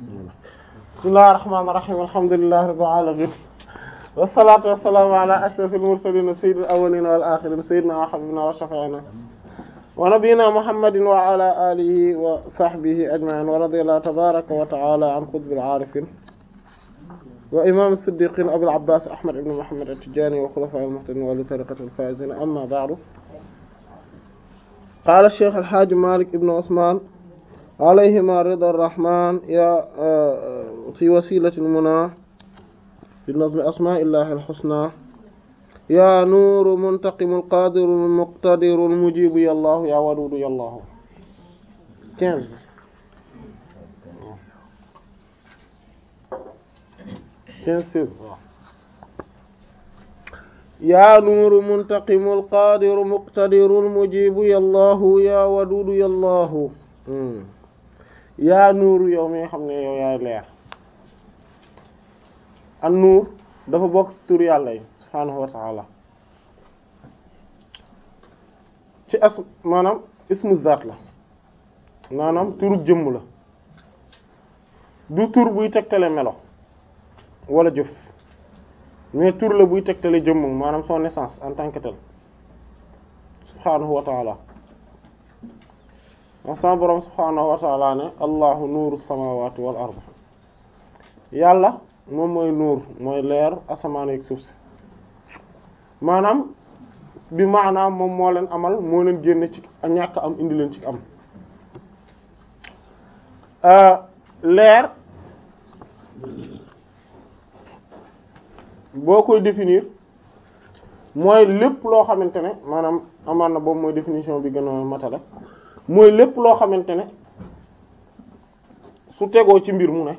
bismillahir rahmanir rahim alhamdulillahi rabbil alamin wassalatu wassalamu ala ashrafil mursalin sayyidil awwalin wal akhirin sayyidina wa habibina wa shafi'ina wa nabiyyina muhammadin wa ala alihi wa sahbihi ajma'in wa radiyallahu tabaraka wa ta'ala an qutbil arifin wa imam siddiqin abul abbas ahmad ibn muhammad at-tijani wa khulafa'il muhtadin wa li tariqatil faizin amma ba'du qala shaykh al hajj malik ibn usman alayhima rida rahman ya fi wasilati lmuna fi nazmi asma illahi alxusna ya nuuru muntaqimu alqadiru almuqtadiru almujibu ya allahu ya wadudu ya allahu quinze quinze seize yaa nuuru muntaqimu alqadiru muqtadiru almujibu ya allahu ya wadudu ya allahu yaa nuuru yow mi xam ne yow yaay leer an nuur dafa bokk ci tur yàlla yi subhaanahu wa ci as maanaam ismu zaat la maanaam turu jëmm la du tur buy tegtale melo walla jëf mais tur la buy tegtale jëmm maanaam son naissance en tant que tel subhaanahu wax sama borom subhaanahu wa ta'ala ne allahu nuuru samawati wal yàlla moom mooy nuur mooy leer asamaan ak suuf maanaam bi maanaam moom moo leen amal moo leen génne ci ñàkk am indi leen ci am euh, leer boo koy définir mooy lépp loo xamante ne maanaam amaan na boobu mooy définition bi gën a matale mooy lépp loo xamante ne su tegoo ci mbir mu ne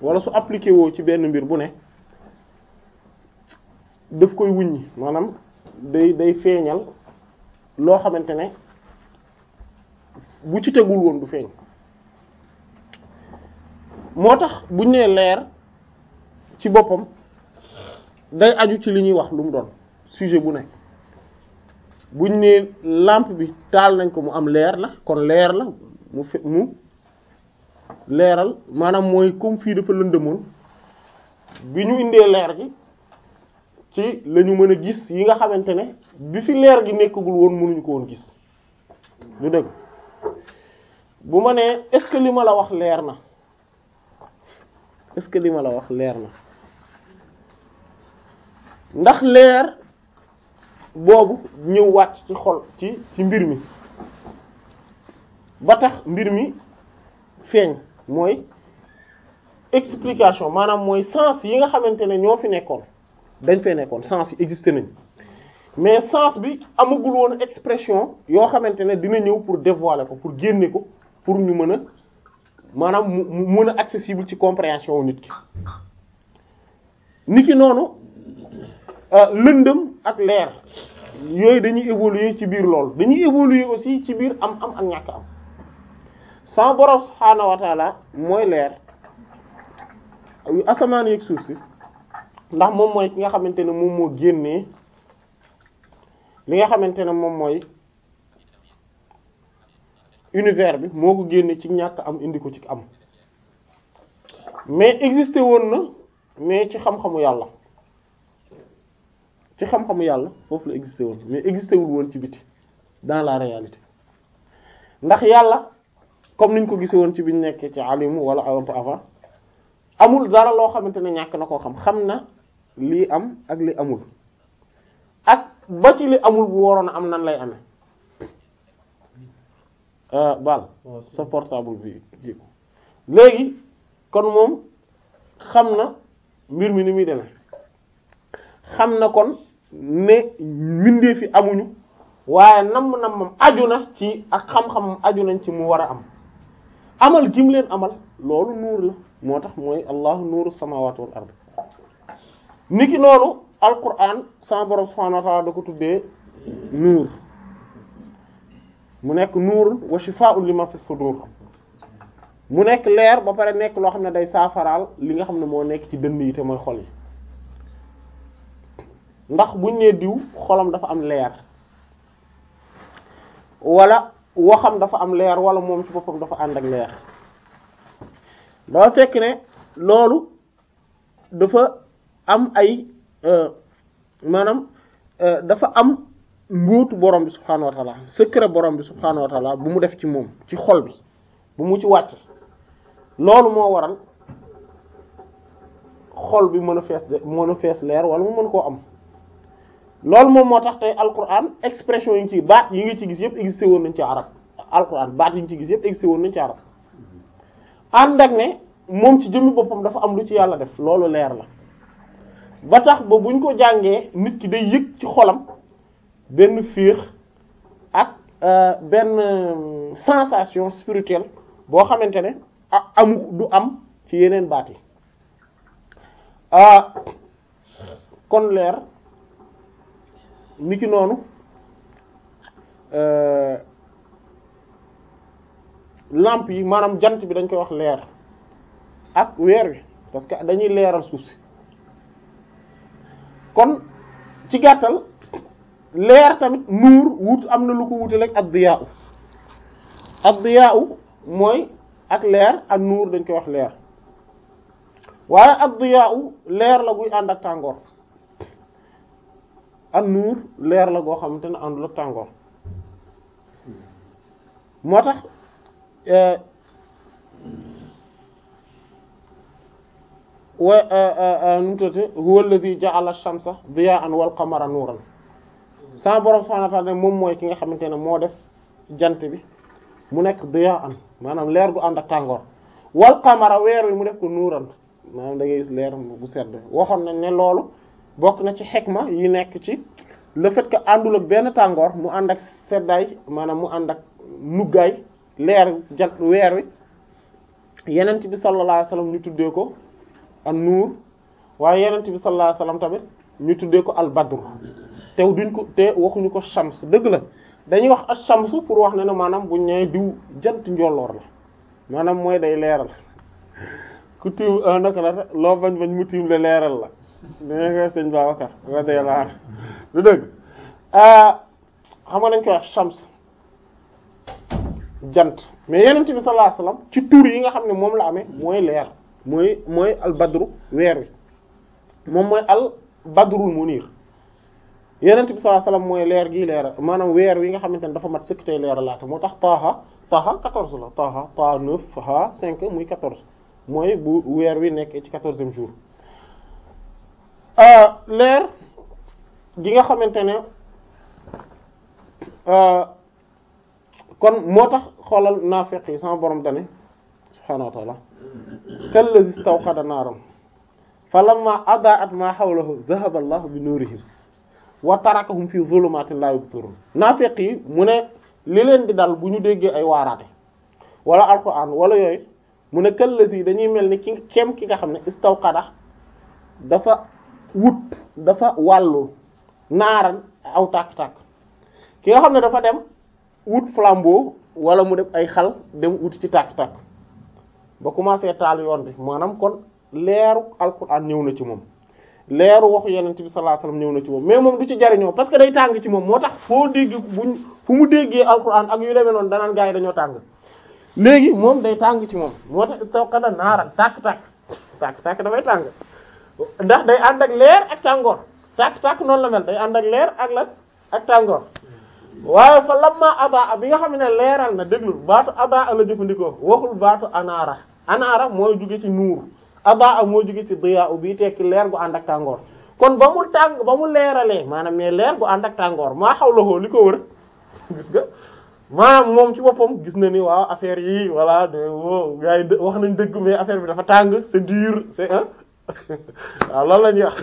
wala su appliqué woo ci benn mbir bu ne daf koy wuññi maanaam day day feeñal loo xamante ne bu ci tegul woon du feeñ moo tax buñ nee leer ci boppam day aju ci li ñuy wax lu mu doon sujet bu ne buñ nee làmp bi taal nañ ko mu am leer la kon leer la mu fe mu leeral maanaam mooy comme fii dafa lëndëmoon bi ñu indee leer gi ci la mën a gis yi nga xamante ne bi fi leer gi nekkagul woon mënuñu ko woon gis du dëgg bu ma nee est-ce que li ma la wax leer na est-ce que li ma la wax leer na ndax leer boobu ñëw wàcc ci xol ci ci mbir mi ba tax mbir mi feeñ mooy explication maanaam mooy sens yi nga xamante ne ñoo fi nekkoon dañ fee nekkoon sens yi existe nañ mais sens bi amagul woon expression yoo xamante ne dina ñëw pour dévoiler ko pour génne ko pour ñu mën a maanaam mu mën a accessible ci compréhension wu nit ki nit ki noonu Euh, lëndëm ak leer yooyu dañuy évoluer ci biir lool dañuy évoluer aussi ci biir am am ak ñàkk am sa borom subhaanahu wa mooy leer yu asamaan yeeg suuf si ndax moom mooy ki nga xamante ne moom moo génnee li nga xamante ne moom mooy univers bi moo ko génne ci ñàkk am indi ko ci am mais existé woon na mais ci xam-xamu yàlla ci xam-xamu yàlla foofu la existé woon mais existé wul woon ci biti dans la réalité ndax yàlla comme niñ ko gise woon ci biñ nekkee ci alimu wala awantu avant amul dara loo xamante ne ñàkk na koo xam xam na lii am ak li amul ak ba ci li amul bu waroon a am nan lay amee euh, bal sa portable bi léegi kon moom xam na mbir mi ni muy demee xam na kon mais mbindee fi amuñu waaye namm-nammam aju na ci ak xam-xamam aju nañ ci mu war a am amal gim leen amal loolu nuur la moo tax mooy allahu nuuru samawati wal ard niki noonu alquran sama borom subhanahu wa ta'ala da ko tuddee nuur mu nekk nuurun wa shifaa'un lima fi sudur mu nekk leer ba pare nekk loo xam ne day saafaraal li nga xam ne moo nekk ci dënd yi te mooy xol yi ndax buñ nee diw xolam dafa am leer walla waxam dafa am leer wala moom ci boppam dafa ànd ak leer dafa fekk ne loolu dafa am ay euh, maanaam euh, dafa am mbóotu borom bi subhaanahu wa ta'ala borom bi subhaanahu wa ta'ala bu mu def ci moom ci xol bi bu mu ci wàcc loolu moo waral xol bi mën a fees de mën a fees leer wala mu mën koo am loolu moom moo tax tey alquran expression yi ngi ci baat yi nga ci gis yëpp existé woon nañ ci arab alquran baat yi ngi ci gis yëpp existé woon nañ ci arab ànd ak ne moom ci jëmmi boppam dafa am lu ci yàlla def loolu leer la ba tax ba buñ ko jàngee nit ki day yëg ci xolam benn féex ak euh, benn euh, sensation spirituelle boo xamante ne amu du am ci yeneen baat yi ah, kon leer niki noonu euh, làmp yi maanaam jant bi dañ koy wax leer ak weer wi parce que dañuy leeral suuf si kon ci gàttal leer tamit nuur wut am na lu ko wutaleeg ad-diyaa ad-diyaa mooy ak leer ak nuur dañ koy wax leer waaye ad-diyaa leer la buy ànd ak tàngoor an nuur leer la goo xamante ne àndul ak tàngoor moo tax euh, wa euh, euh, nu mu tuddati huwa alladhi ja'ala ash-shamsa diya'an wal qamara nuuran sa borom subhanahu moom mooy ki nga xamante ne moo def jant bi mu nekk diya'an maanaam leer gu ànd ak tàngoor wal qamara weer wi mu def ko nuuran maanaam da ngay gis leer bu sedd waxoon nañ ne loolu bokk na ci xekma yi nekk ci le fait àndul ak benn tàngoor mu ànd ak seddaay maanaam mu ànd ak nuggaay leer jant weer wi yenent bi sallallahu alayhi ñu tuddee ko an nuur waaye yenent bi sallallahu alayhi wasallam tamit ñu tuddee ko al te duñ ko te waxuñu ko shams dëgg la dañuy wax as shams pour wax ne ne maanaam bu ñëwee diw jant njolloor la maanaam mooy day leeral ku tiim ah, naka la loo bañ bañ mu tiim la leeral la nee nga sëñ Babacar ah, xam nga dañ koy wax jant mais yenent bi sallallahu alayhi wasallam ci tur yi nga xam ne moom la amee mooy leer mooy mooy al badru weer wi moom mooy al badrul munir yenent bi sallallahu alayhi wasallam mooy leer gi leera maanaam weer wi nga xamante ne dafa mat sëkk tey leera laata moo tax taaha taaha 14 la taaha taaha 9 ha 5 muy 14 mooy bu weer wi nekk ci 14e jour Euh, leer gi nga xamante ne euh, kon moo tax xoolal naafiq yi sama borom dane subhaanahu wa ta'ala kallazi istawqada naaran falamma adaa'at ma hawlahu dhahaba allahu bi nuurihim wa tarakahum fi dhulumatin la yubsirun naafiq yi mu ne li leen di dal bu ñu déggee ay waaraate wala alquran wala yooyu mu ne kallazi dañuy mel ni ki kem ki nga xam ne istawqada dafa wut dafa wàllu naaran aw tàkk-tàkk ki nga xam ne dafa dem wut flambeau wala mu def ay xal dem wuti ci tàkk-tàkk ba commencé taal yoon bi maanaam kon leeru alquran ñëw na ci moom leeru waxu yenent bi sallallahu alayhi wasallam ñëw na ci moom mais moom du ci jariñoo parce que day tàng ci moom moo tax foo dégg buñ fu mu déggee alquran ak yu demee noonu danaan gaa yi dañoo tàng léegi moom day tàng ci moom moo tax istawqada naaran tàkk-tàkk tàkk-tàkk dafay tàng ndax day ànd ak leer ak tàngoor sàkk sàkk noonu la mel day ànd ak leer ak la ak tàngoor waaye fa lamma abaa bi nga xam ne leeral na déglu baatu abaa la jëfandikoo waxul baatu anaara anaara mooy jóge ci nuur abaa moo jóge ci diyaa ubbi tekki leer gu ànd ak tàngoor kon ba mu tàng ba mu leeralee maanaam mais leer gu ànd ak tàngoor maa xaw la xoo li wër gis moom ci boppam gis na ni waaw affaire yi voilà de wo gars yi wax nañ dëgg mais affaire bi dafa tàng waaw ah, loolu la ñuy wax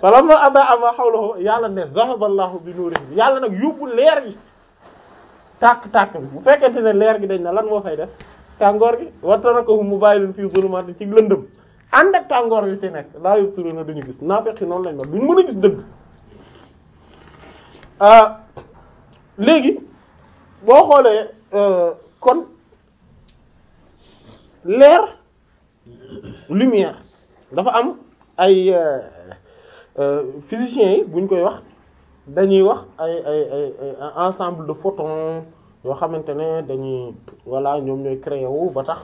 falamma adaa ma hawlahu yàlla ne zahaba bi nuurihi yàlla nag yóbbu leer gi tàkk-tàkk bi bu fekkente ne leer gi dañ na lan moo fay des tàngoor gi wa tarakahum mubaylun fii zulumatin ci lëndëm ànd ak tàngoor bi ci nekk laa yubsiruuna duñu gis naafeqi noonu lañ ma duñ mën a gis dëgg ah, léegi boo xoolee euh, kon leer lumière dafa am ay euh, euh, physiciens yi buñ koy wax dañuy wax ay ay ay ensemble de photons yoo xamante ne dañuy voilà ñoom ñooy créer wu ba tax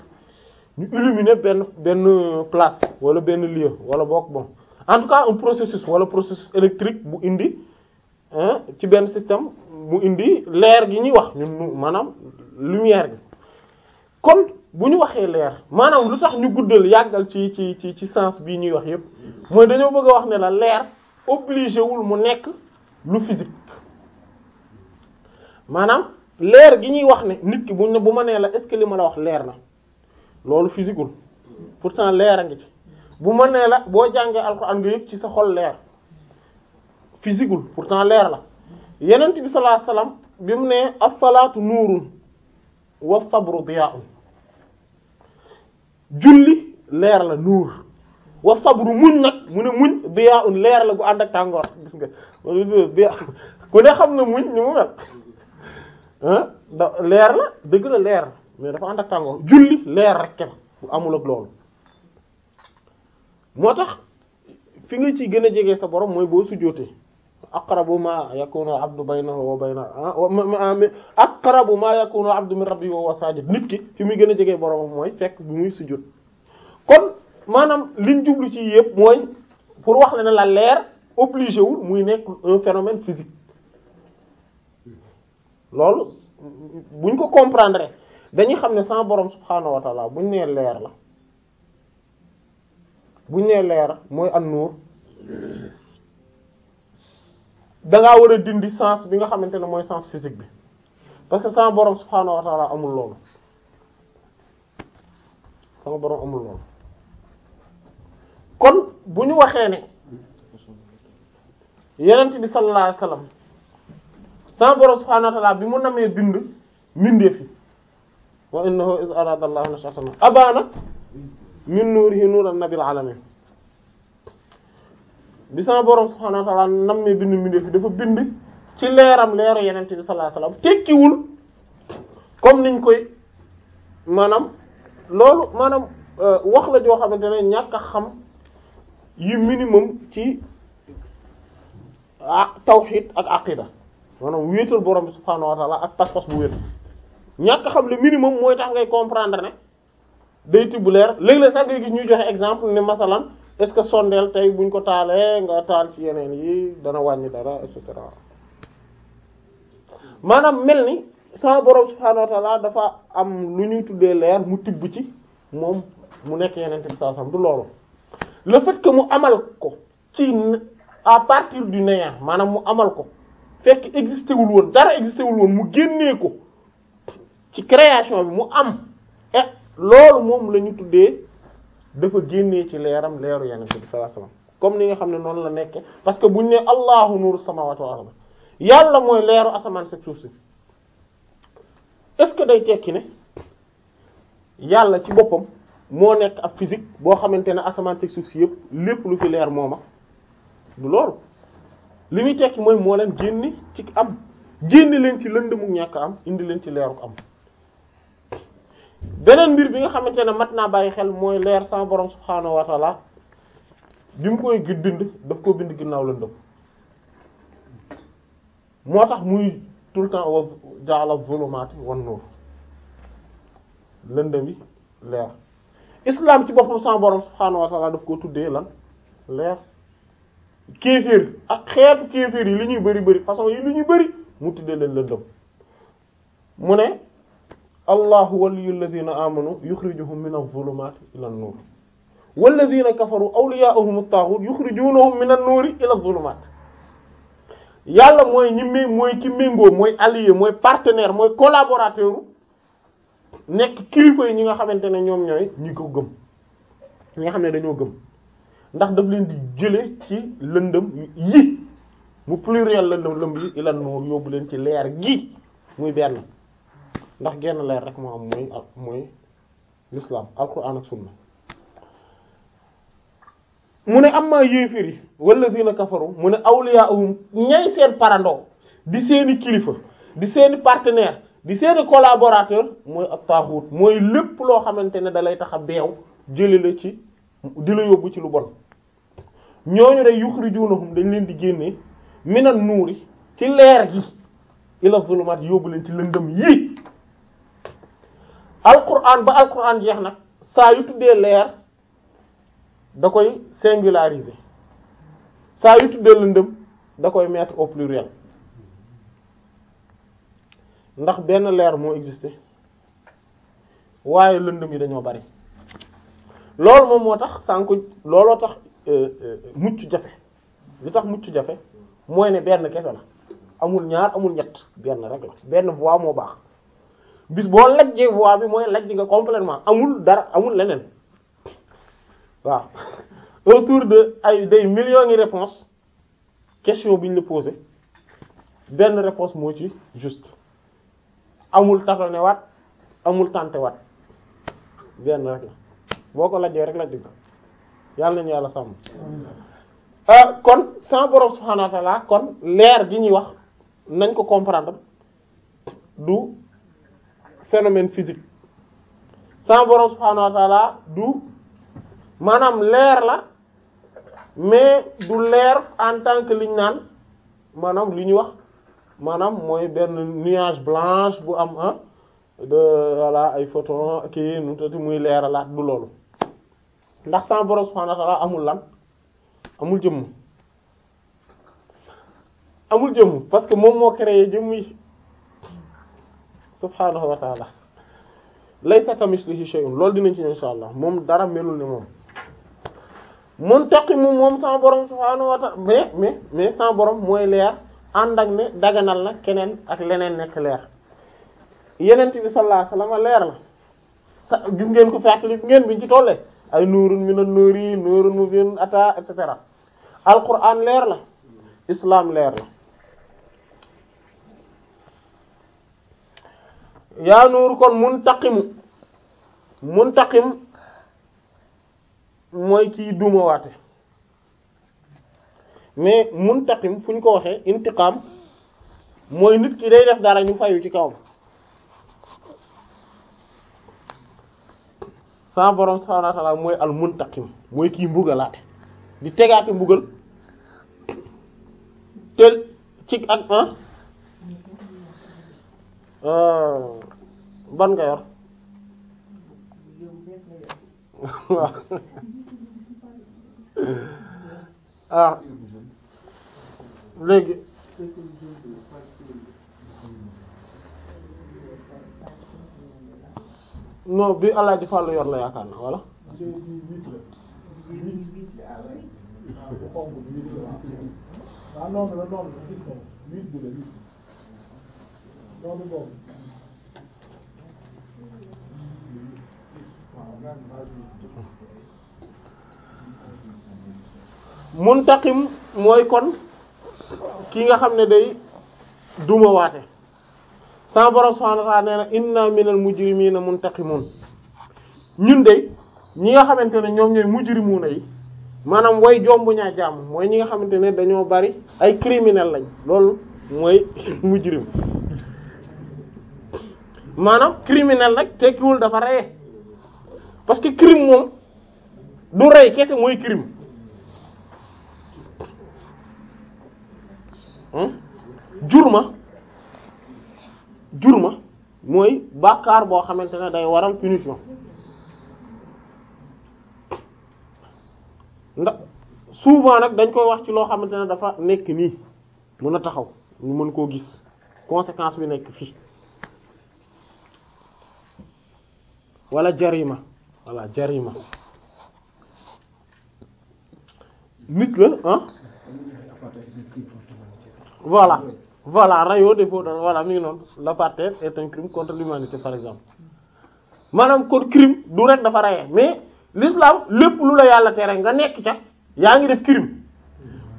ñu illuminer benn benn place wala benn lieu wala boog bon en tout cas un processus wala processus électrique bu indi ci benn système mu indi leer gi ñuy wax ñun maanaam lumière gi kon bu ñu waxee leer maanaam lu tax ñu guddal yàggal ci ci ci ci sens bii ñuy wax yépp mooy dañoo bëgg a wax ne la leer obligé wul mu nekk lu physique maanaam leer gi ñuy wax ne nit ki buñ ne bu ma nee la est-ce que li ma la wax leer na loolu physique pour pourtant leer a ngi ci bu ma nee la boo jàngee alxuraan nga yëg ci sa xol leer physique pour pourtant leer la yenent bi sallallahu alayhi bi mu nee as-salaatu nuurun was-sabru diyaa'un julli leer la nuur wa sabru muñ nag mu ne muñ biyaa un leer la gu ànd ak tàngoor gis nga biyaa ku ne xam na muñ ni mu mel ah da leer la dëgg la leer mais dafa ànd ak tàngoor julli leer rek la bu amul ak loolu moo tax fi nga ci gën a jege sa borom mooy boo sujjóotee aqrabu ma yakunu abdu baynahu wa bayna ah, aqrabu ma yakunu abdu min rabbihi wa sajid nit ki fi muy gën a jege boromam mooy fekk bi muy sujjóot kon maanaam liñ jublu ci yëpp mooy pour wax la ne la leer obligé wul muy nekk un phénomène physique loolu buñ ko comprendre dañuy xam ne sans borom subhanahu wa ta'ala buñ nee leer la buñ nee leer mooy an-nur da ngaa war a dindi sens bi nga xamante ne mooy sens physique bi parce que sama borom subhaanahu wa taala amul loolu sama borom amul loolu kon bu ñu waxee ne yenent bi sallallahu alayhi wasallam sama borom subhaanahu bi mu namee bind mbindeef yi wa innahu iz arada allahu nashatana abana min nuurihi nuuran nabil alamin bi sama borom subhaanahu wa ta'ala nam ne bind mbindeef fi dafa bind ci leeram leeru yenente bi sallallahu alayhi wasallam tekkiwul comme niñ koy maanaam loolu maanaam euh, wax la joo xamante ne ñàkk a xam yi minimum ci ah tawxiid ak aqida maanaam wéetal borom bi subhaanahu wa ta'ala ak pas-pas bu wéet ñàkk a xam le minimum mooy tax ngay comprendre ne day tibb leer léegi léeg sax ngay gis ñuy joxe exemple ne masalan est-ce que sondeel tey buñ ko taalee nga taal ci yeneen yi dana wàññi dara et cetera maanaam mel ni sama borom subhaanahu dafa am lu ñuy tuddee leer mu tibb ci moom mu nekk yeneen bi saa sam du loolu le fait mu amal ko ci à partir du néant maanaam mu amal ko fekk existé woon dara existé woon mu génnee ko ci création bi mu am et loolu moom la ñuy tuddee dafa génnee ci leeram leeru yenente bi sallallahu alayhi comme ni nga xam ne noonu la nekke parce que bu ñu ne allahu nuru samawati wal ard yàlla mooy leeru asamaan sa suuf si est-ce que day tekki ne yàlla ci boppam moo nekk ab physique boo xamante ne asamaan si suuf si yëpp lépp lu fi leer mooma du loolu li muy tekki mooy moo leen génne ci am génne leen ci lënd lëndëmu ñàkk am indi leen ci leeru am beneen mbir bi nga xamante ne mat naa bàyyi xel mooy leer sama borom subhaanahu wa taala bi mu koy bind daf koo bind ginnaaw lëndëm moo tax muy tout le temps wa ja'ala zulumaati wan nuur lëndëm bi leer islam ci boppam sama borom subhaanahu wa daf koo tuddee lan leer kéeféer ak xeetu kéeféer yi li ñuy bari bari façon yi li ñuy bari mu tiddee leen lëndëm mu ne allahu waliyu alladhina amanu yukhrijuhum min adh-dhulumati ila an-nur walladhina kafaru awliya'uhum at-taghut yukhrijunahum min an-nuri ila adh-dhulumat yàlla mooy ñi mé mooy ki méngoo mooy allié mooy partenaire mooy collaborateur nekk kilifa yi ñi nga xamante ne ñoom ñooy ñi ko gëm ñi nga xam ne dañoo gëm ndax daf leen di jële ci lëndëm yi mu pluriel lëndëm lëmb yi ila an-nur yóbbu leen ci leer gi muy benn ndax genn leer rek moo am mooy ak mooy ak sunna mu ne amma yéefér yi walladina kafaru mu ne awliyaahum ñay seen parandoo di seeni kilifa di seeni partenaire di seeni collaborateur mooy ak taaxuut mooy lépp loo xamante ne dalay lay tax a beew jële la ci di la yóbbu ci lu bon ñooñu rek yuxrijunahum dañ leen di génnee minan nuuri ci leer gi ila zulumaat yóbbu leen ci lëndëm yi alquran ba alquran jeex nag saa yu tuddee leer da koy singulariser saa yu tuddee lëndëm da koy mettre au pluriel ndax benn leer moo exister waaye lëndëm yi dañoo bari loolu moom moo tax sànq looloo tax euh, euh, mucc jafe lu tax mucc jafe mooy ne benn kese la amul ñaar amul ñett benn rek la benn voie moo baax bis boo lajjee voix bi mooy lajj nga complètement amul dara amul leneen waaw autour de ay des millions de réponses question bi ñu la posé benn réponse moo ci juste amul tatone waat amul tante waat benn rek la boo ko lajjee rek la nga yàlla nañu yàlla sàmm euh, kon sans borom subhanahu wa kon leer gi ñuy wax nañ ko comprendre du phénomène physique sama borom subhaanahu wa taala du maanaam leer la mais du leer en tant que liñ naan maanaam li ñuy wax maanaam mooy benn nuage blanche bu am a de voilà ay photon kii nu tati muy leeralaat du loolu ndax sama borom subhaanahu wa taala amul lan amul jëmm amul jëmm parce que moom moo créé jëmm yi subhaanahu wa taala laysa kamislihi shay'un loolu dinañ ci insha allah moom dara melul ni moom muntaqimu moom sama borom subhaanahu wa taala mais mais mais sama borom mooy leer ànd ak ne daganal na keneen ak leneen nekk leer yenent bi sallallahu alayhi leer la sa gis ngeen ko fàttali ngeen biñ ci tollee ay nuurun minan nuuri nuurun mubiin ata et cetera alquran leer la islam leer la yaa nuuru kon muntaqimu muntaqim mooy kii duumawaate mais muntaqim fu ñu ko waxee intiqaam mooy nit ki day def dara ñu fayu ci kawam sa borom subhaanahu wa ta'aala mooy al muntaqim mooy kii mbugalaate di tegaate mbugal te ci ak ah, ah. ban nga yor waaw ah léegi non bi Alaaji Fàllu yor la yaakaar na walla ah, muntaqim mooy kon ki nga xam ne day duma waate sama borom subhanahu wa ta'ala nee na inna minal mujrimina muntaqimun ñun de ñi nga xamante ne ñoom ñooy mujrimuna yi maanaam way jombu ñaa jàmm mooy ñi nga xamante ne dañoo bari ay criminel lañ loolu mooy mujrim maanaam criminel nag tekkiwul dafa reye parce que crime moom du rey kese mooy crime hmm? jur ma jur ma mooy bàkkaar boo xamante ne day waral punition ndax souvent nag dañ koy wax ci loo xamante ne dafa nekk nii mën a taxaw ñu mën koo gis conséquence bi nekk fii wala jarima voilà jarima nit la ah voilà voilà rayo defoo da voilà mi ngi noonu l'apartheid est un crime contre l'humanité par exemple maanaam kon crime du rek dafa rayee mais l'islam lépp lu la yàlla tere nga nekk ca yaa ngi def crime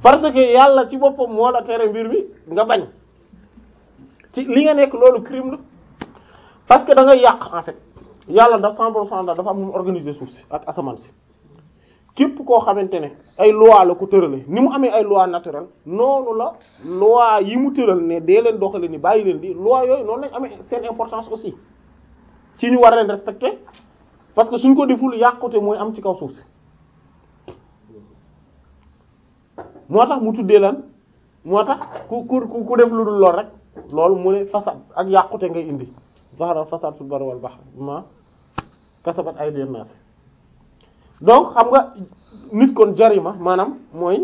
parce que yàlla ci boppam moo la tere mbir bi nga bañ ci li nga nekk loolu crime la parce que da yàq en fait yàlla ndax 100 pour cent dafa am nu mu organiser suuf si ak asamaan si képp koo xamante ne ay loi la ko tërale ni mu amee ay loi naturelle noonu la loi yi mu tëral ne dee leen doxale ni bàyyi leen di loi yooyu noonu lañ amee seen importance aussi ci ñu war leen respecter parce que suñ ko deful yàqute mooy am ci kaw suuf si moo tax mu tuddee lan moo tax ku ku ku def lu dul lool rek loolu mu ne fasad ak yàqute ngay indi zahara fasad fil barri wal kasabat aydin nas donc xam nga nit kon jarima maanaam mooy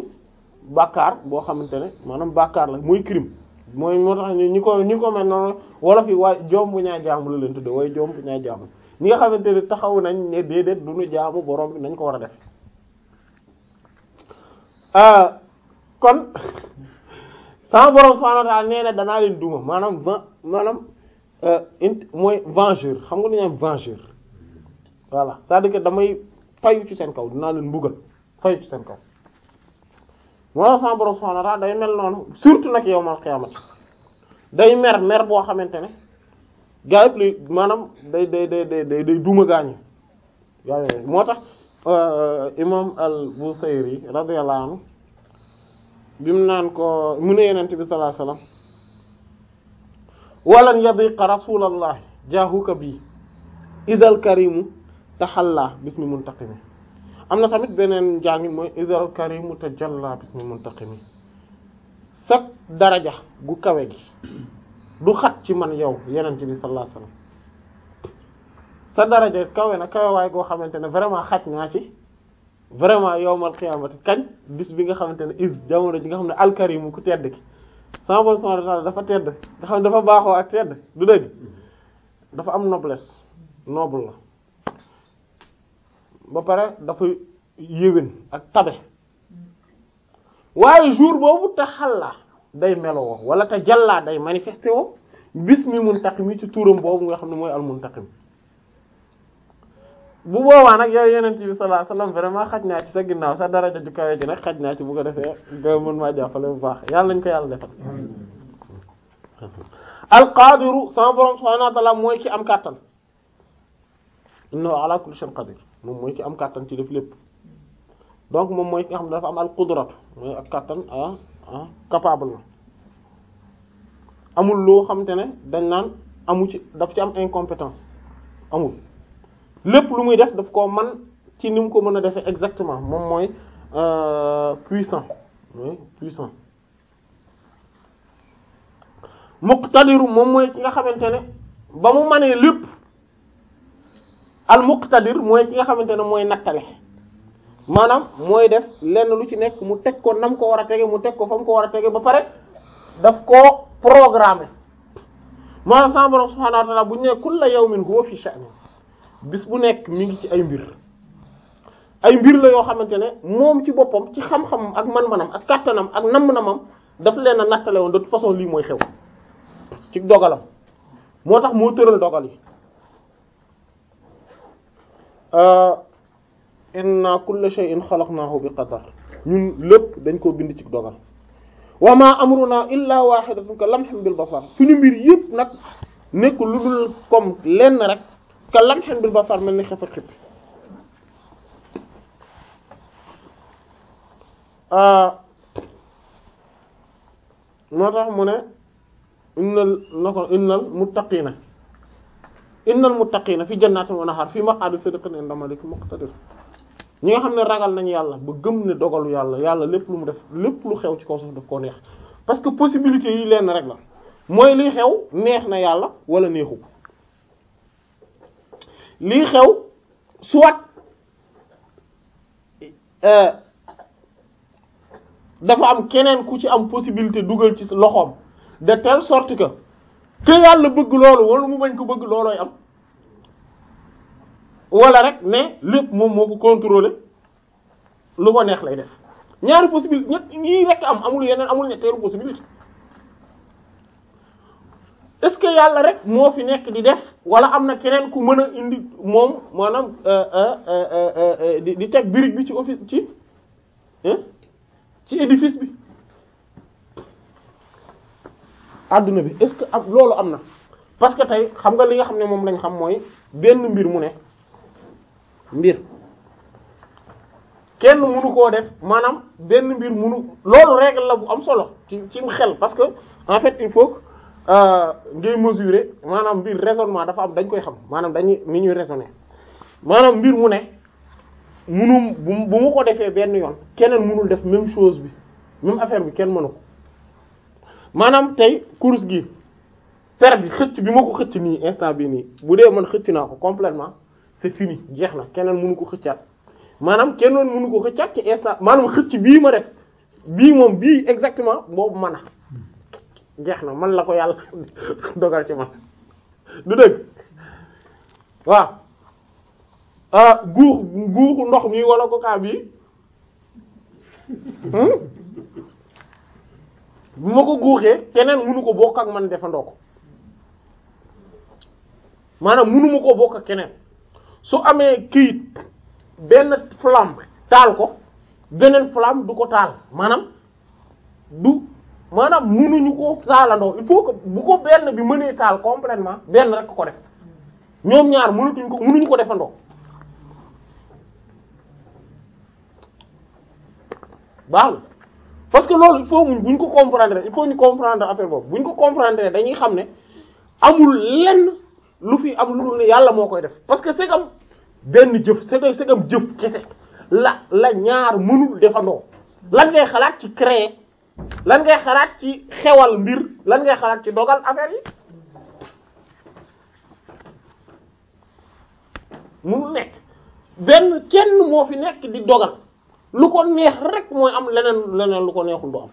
bàkkaar boo xamante ne maanaam bàkkaar la mooy crime mooy moo tax ñi ko ñi ko mel noonu wolof yi waaye jomb ñaa jaamu la leen tudde waaye jomb ñaa jaamu ñi nga xamante ne taxaw nañ ne déedéet du ñu jaamu borom bi nañ ko war a def ah, kon sama borom subhanahu wa ta'ala nee na danaa leen duma maanaam ven maanaam euh, mooy vengeur xam nga lu ñu am voilà cest à damay fayu ci seen kaw dinaa leen mbugal fayu ci seen kaw moo sa borom subhanahu wa ta'ala day mel noonu surtout nag yawmal qiyaamati day mer mer boo xamante ne gaa day day day day tax euh, imam al bi mu naan ko mu ne Yonent bi sallallahu alayhi wasallam walan yadiqa jahuka bi idal karimu taxallaa bismi muntaqimi am na tamit beneen njàngi mooy idal karimu tajalla bismi muntaqimi sa daraja gu kawe gi du xat ci man yow yeneen ci bi sallallahu alayhi sa daraja kawe na kawe waaye goo xamante ne vraiment xaj naa ci vraiment yowmal qiyaamati kañ bis bi nga xamante ne is jamono ji nga xam ne alkarimu ku tedd ki sama borom subhanahu wa dafa tedd nga xam ne dafa baaxoo ak tedd du dëgg dafa am noblesse noble la ba pare dafa yéwén ak tabe waaye jour boobu te xallaa day meloo wala te jàllaa day manifesté woo bis mi muntaqim yi ci turam boobu nga xam ne mooy al muntaqim bu boobaa nag yow yeneen bi sallallahu alayhi wasallam vraiment xaj naa ci sa ginnaaw sa daraja ju kawe ji nag xaj naa ci bu defee nga bu baax yàlla nañ ko yàlla defal alqadiru sama borom subhanahu wa mooy ki am kàttan innahu ala kulli shay'in qadir moom mooy ki am kàttan ci def lépp donc moom mooy ki nga xam dafa am al qudrat mooy ak kàttan a ah, a ah, capable na amul loo xam te ne dañ naan amu ci daf ci am incompétence amul lépp lu muy def daf koo man ci ni mu ko mën a defee exactement moom mooy euh, puissant mooy puissant muqtadiru moom mooy ki nga xamante ne ba mu manee lépp al muqtadir mooy ki nga xamante ne mooy nattale maanaam mooy def lenn lu ci nekk mu teg ko nam ko war a tege mu teg ko fa mu ko war a tege ba pare daf ko programmer maanaam sama borom subhaanahu wa ta'aala bu ñu ne kullu yawmin huwa fi sha'n bis bu nekk mi ngi ci ay mbir ay mbir la yoo xamante ne moom ci boppam ci xam-xamam ak man-manam ak kàttanam ak namm-namam daf leen a nattale woon de façon lii mooy xew ci dogalam moo tax moo tëral dogal yi Euh, inna kulla shay'in xalaqnaahu bi qadar ñun lépp dañ koo bind ci dogal wa ma amruna illa wahidatun ka lamhin bil basar suñu mbir yépp nag nekkul lu dul comme lenn rek ka lamhin bil basar mel ni xef ak xippi euh, moo tax mu ne innal nako innal muttaqina mu innal na fi jannatin wa nahar fi maq'adi sidqin inda malikin muqtadir ñi nga xam ne ragal nañu yàlla ba gëm ne dogalu yàlla yàlla lépp lu mu def lépp lu xew ci kaw suuf daf koo neex parce que possibilité yi lenn rek la mooy lii xew neex na yàlla wala neexu lii xew soit euh, dafa am keneen ku ci am possibilité dugal ci loxoom de telle sorte que que yàlla bëgg loolu wala mu bañ ko bëgg loolooy am wala rek ne lépp moom moo ko contrôler lu ko neex lay def ñaari possibilité ñett ñii rek am amul yeneen amul ñetteelu possibilité est-ce que yàlla rek moo fi nekk di def wala am na keneen ku mën a indi moom maanaam euh, euh, euh, di di teg birig bi ci office ci ci édifice bi adduna bi est-ce que am loolu am na parce que tey xam nga li nga xam ne moom lañ xam mooy benn mbir mu ne mbir kenn mënu koo def maanaam benn mbir mënu loolu règle la bu am solo ci ci xel parce que en fait il faut que euh, ngay mesurer maanaam mbir raisonnement dafa am dañ koy xam maanaam dañuy ni ñuy raisonner maanaam mbir mu ne munu bu mu ko defee benn yoon keneen mënul def même chose bi même affaire bi kenn mënu ko maanaam tey course gi per bi xëcc bi ma ko xëcc nii instant bi nii bu dee man xëcc naa ko complètement c'est fini jeex na keneen mënu ko xëccaat maanaam keneen mënu ko xëccaat ci instant maanaam xëcc bii ma def bii moom bii exactement boobu man a jeex na man la ko yàlla dogal ci man du dëgg waaw ah, guux guuxu ndox mi walla ko kaa bii hmm? bu ma ko guuxee keneen munu ko bokk ak man defandoo ko maanaam munuma koo bokk ak keneen su amee kayit benn flamme taal ko beneen flamme du ko taal maanaam du maanaam munuñu ko taalandoo il faut que bu ko benn bi mënee taal complètement benn rek ko def ñoom ñaar mënatuñ ko munuñu ko defandoo baaxul parce que loolu il faut buñ ko comprendre il faut ñu comprendre affaire boobu buñ ko comprendre dañuy xam ne amul lenn lu fi am lu dul ne yàlla moo koy def parce que c'est benn jëf c'est c'est comme jëf kese la la ñaar mënul defandoo lan ngay xalaat ci créer lan ngay xalaat ci xewal mbir lan ngay xalaat ci dogal affaire yi mënul nekk benn kenn moo fi nekk di dogal lu ko neex rek mooy am leneen leneen lu ko neexul du am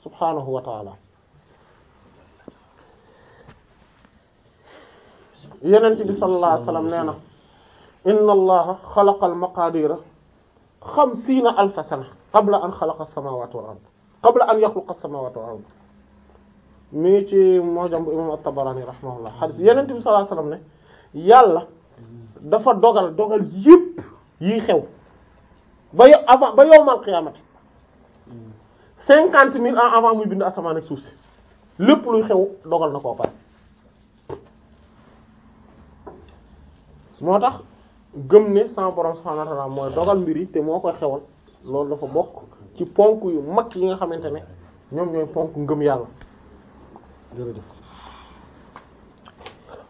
subhaanahu wa taala yenent bi sallallahu alayhi wasallam nee na inna allaha xalaqa al maqadira xamsiina alfa sana qabla an xalaqa as-samawati wal ard qabla an yaxluqa as-samawati wal ard mii ci mojam bu imam at-Tabarani rahimahullah xadis yenent bi sallallahu alayhi ne yàlla dafa dogal dogal yépp yi xew ba yo- avant ba yowmal qiyaamati cinquante mille avant muy bind asamaan ak suuf si lépp luy xew dogal na koo pare moo tax gëm ne sama borom subhaanahu wa mooy dogal mbir yi te moo koy xewal loolu dafa bokk ci ponk yu mag yi nga xamante ne ñoom ñooy ponk ngëm yàlla jërëjëf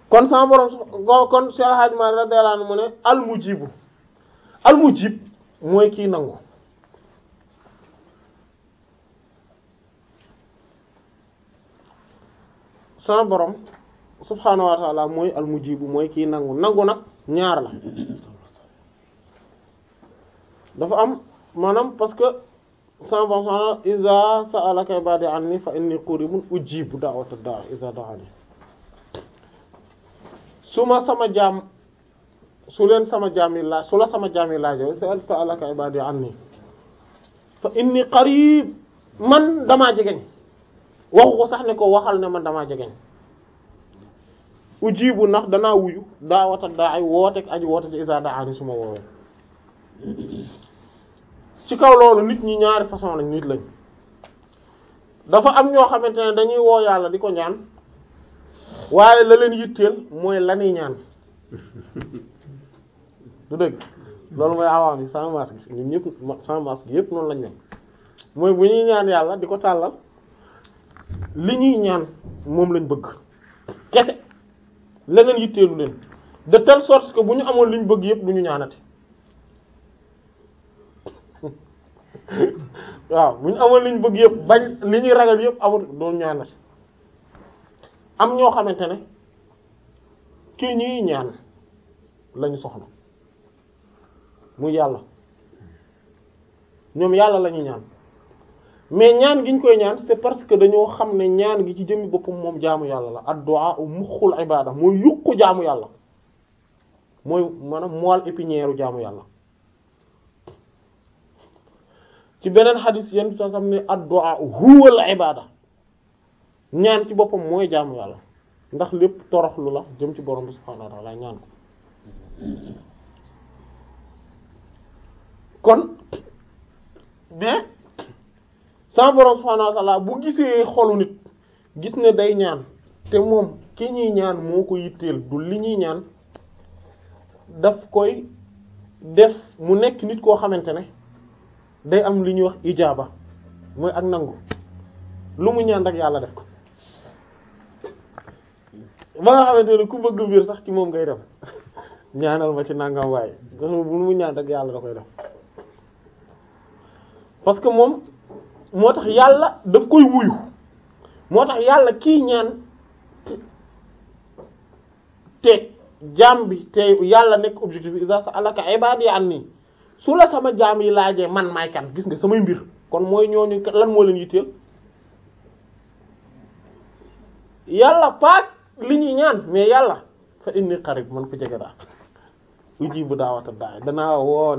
kon sama borom kon Cheikh Hadj Malick radiyallahu anhu mu ne al mujibu mooy kii nangu sama borom subhaanahu wa ta'ala mooy al mooy kii nangu nangu nag ñaar la dafa am maanaam parce que sama borom subhaanahu iza sa'alaka ibadi anni fa inni quribun ujibu da'wata da'i iza da'ani suma sama jaam su leen sama jaam yi laaj su la sama jaam yi laajoo sa'alaka ibaadi anni fa inni qarib man damaa jegeñ waxu ko sax ne ko waxal ne man damaa jegeñ ujibu ndax danaa wuyu daawata daa ay wootek aji woote ci isa daani suma woowee ci kaw loolu nit ñi ñaari façon lañ nit lañ dafa am ñoo xamante ne dañuy woo yàlla di ko ñaan waaye la leen yitteel mooy lanuy ñaan lu dëgg loolu mooy awaam yi sans masque gi ñun ñëpp lañ mooy bu ñuy ñaan yàlla di ko tàllal li ñuy ñaan moom lañ bëgg kese leneen yitteelu leen de telle sorte que bu ñu amoon liñ bëgg yëpp du ñu ñaanati waaw bu ñu amoon liñ bëgg yëpp bañ li ñuy ragal yëpp amul doon ñaanati am ñoo xamante ne kii ñuy ñaan lañu soxla muy yàlla ñoom yàlla lañu ñaan mais ñaan gi ñu koy ñaan c'est parce que dañoo xam ne ñaan gi ci jëmmi boppam moom jaamu yàlla la ad-du'a muxul ibada mooy yuqu jaamu yàlla mooy maanaam moelle épinière jaamu yàlla ci beneen xadis yenn soo xam ne ad-du'a huwal ibada ñaan ci boppam mooy jaamu yàlla ndax lépp toroxlu la jëm ci borom bi subhanahu wa ta'ala ñaan ko kon mais sama borom subhaanahu wa ta'ala bu gisee xolu nit gis ne day ñaan te moom ki ñuy ñaan moo ko yitteel du li ñuy ñaan daf koy def mu nekk nit koo xamante ne day am li ñuy wax ijaaba mooy ak nangu lu mu ñaan rek yàlla def ko ba nga xamante ne ku bëgg mbir sax ci moom ngay def ñaanal ma ci nangam waaye lu mu ñaan rek yàlla da koy def parce que moom moo tax yàlla daf koy wuyu moo tax yàlla kii ñaan te jaam bi te yàlla nekk objectif bi iza sa'alaka ibadi anni su la sama jaam yi laajee man maay kan gis nga samay mbir kon mooy ñooñu lan moo leen yitteel yàlla paak li ñuy ñaan mais yàlla fa inni qarib man ko jege daal ujibu daawata daay danaa woo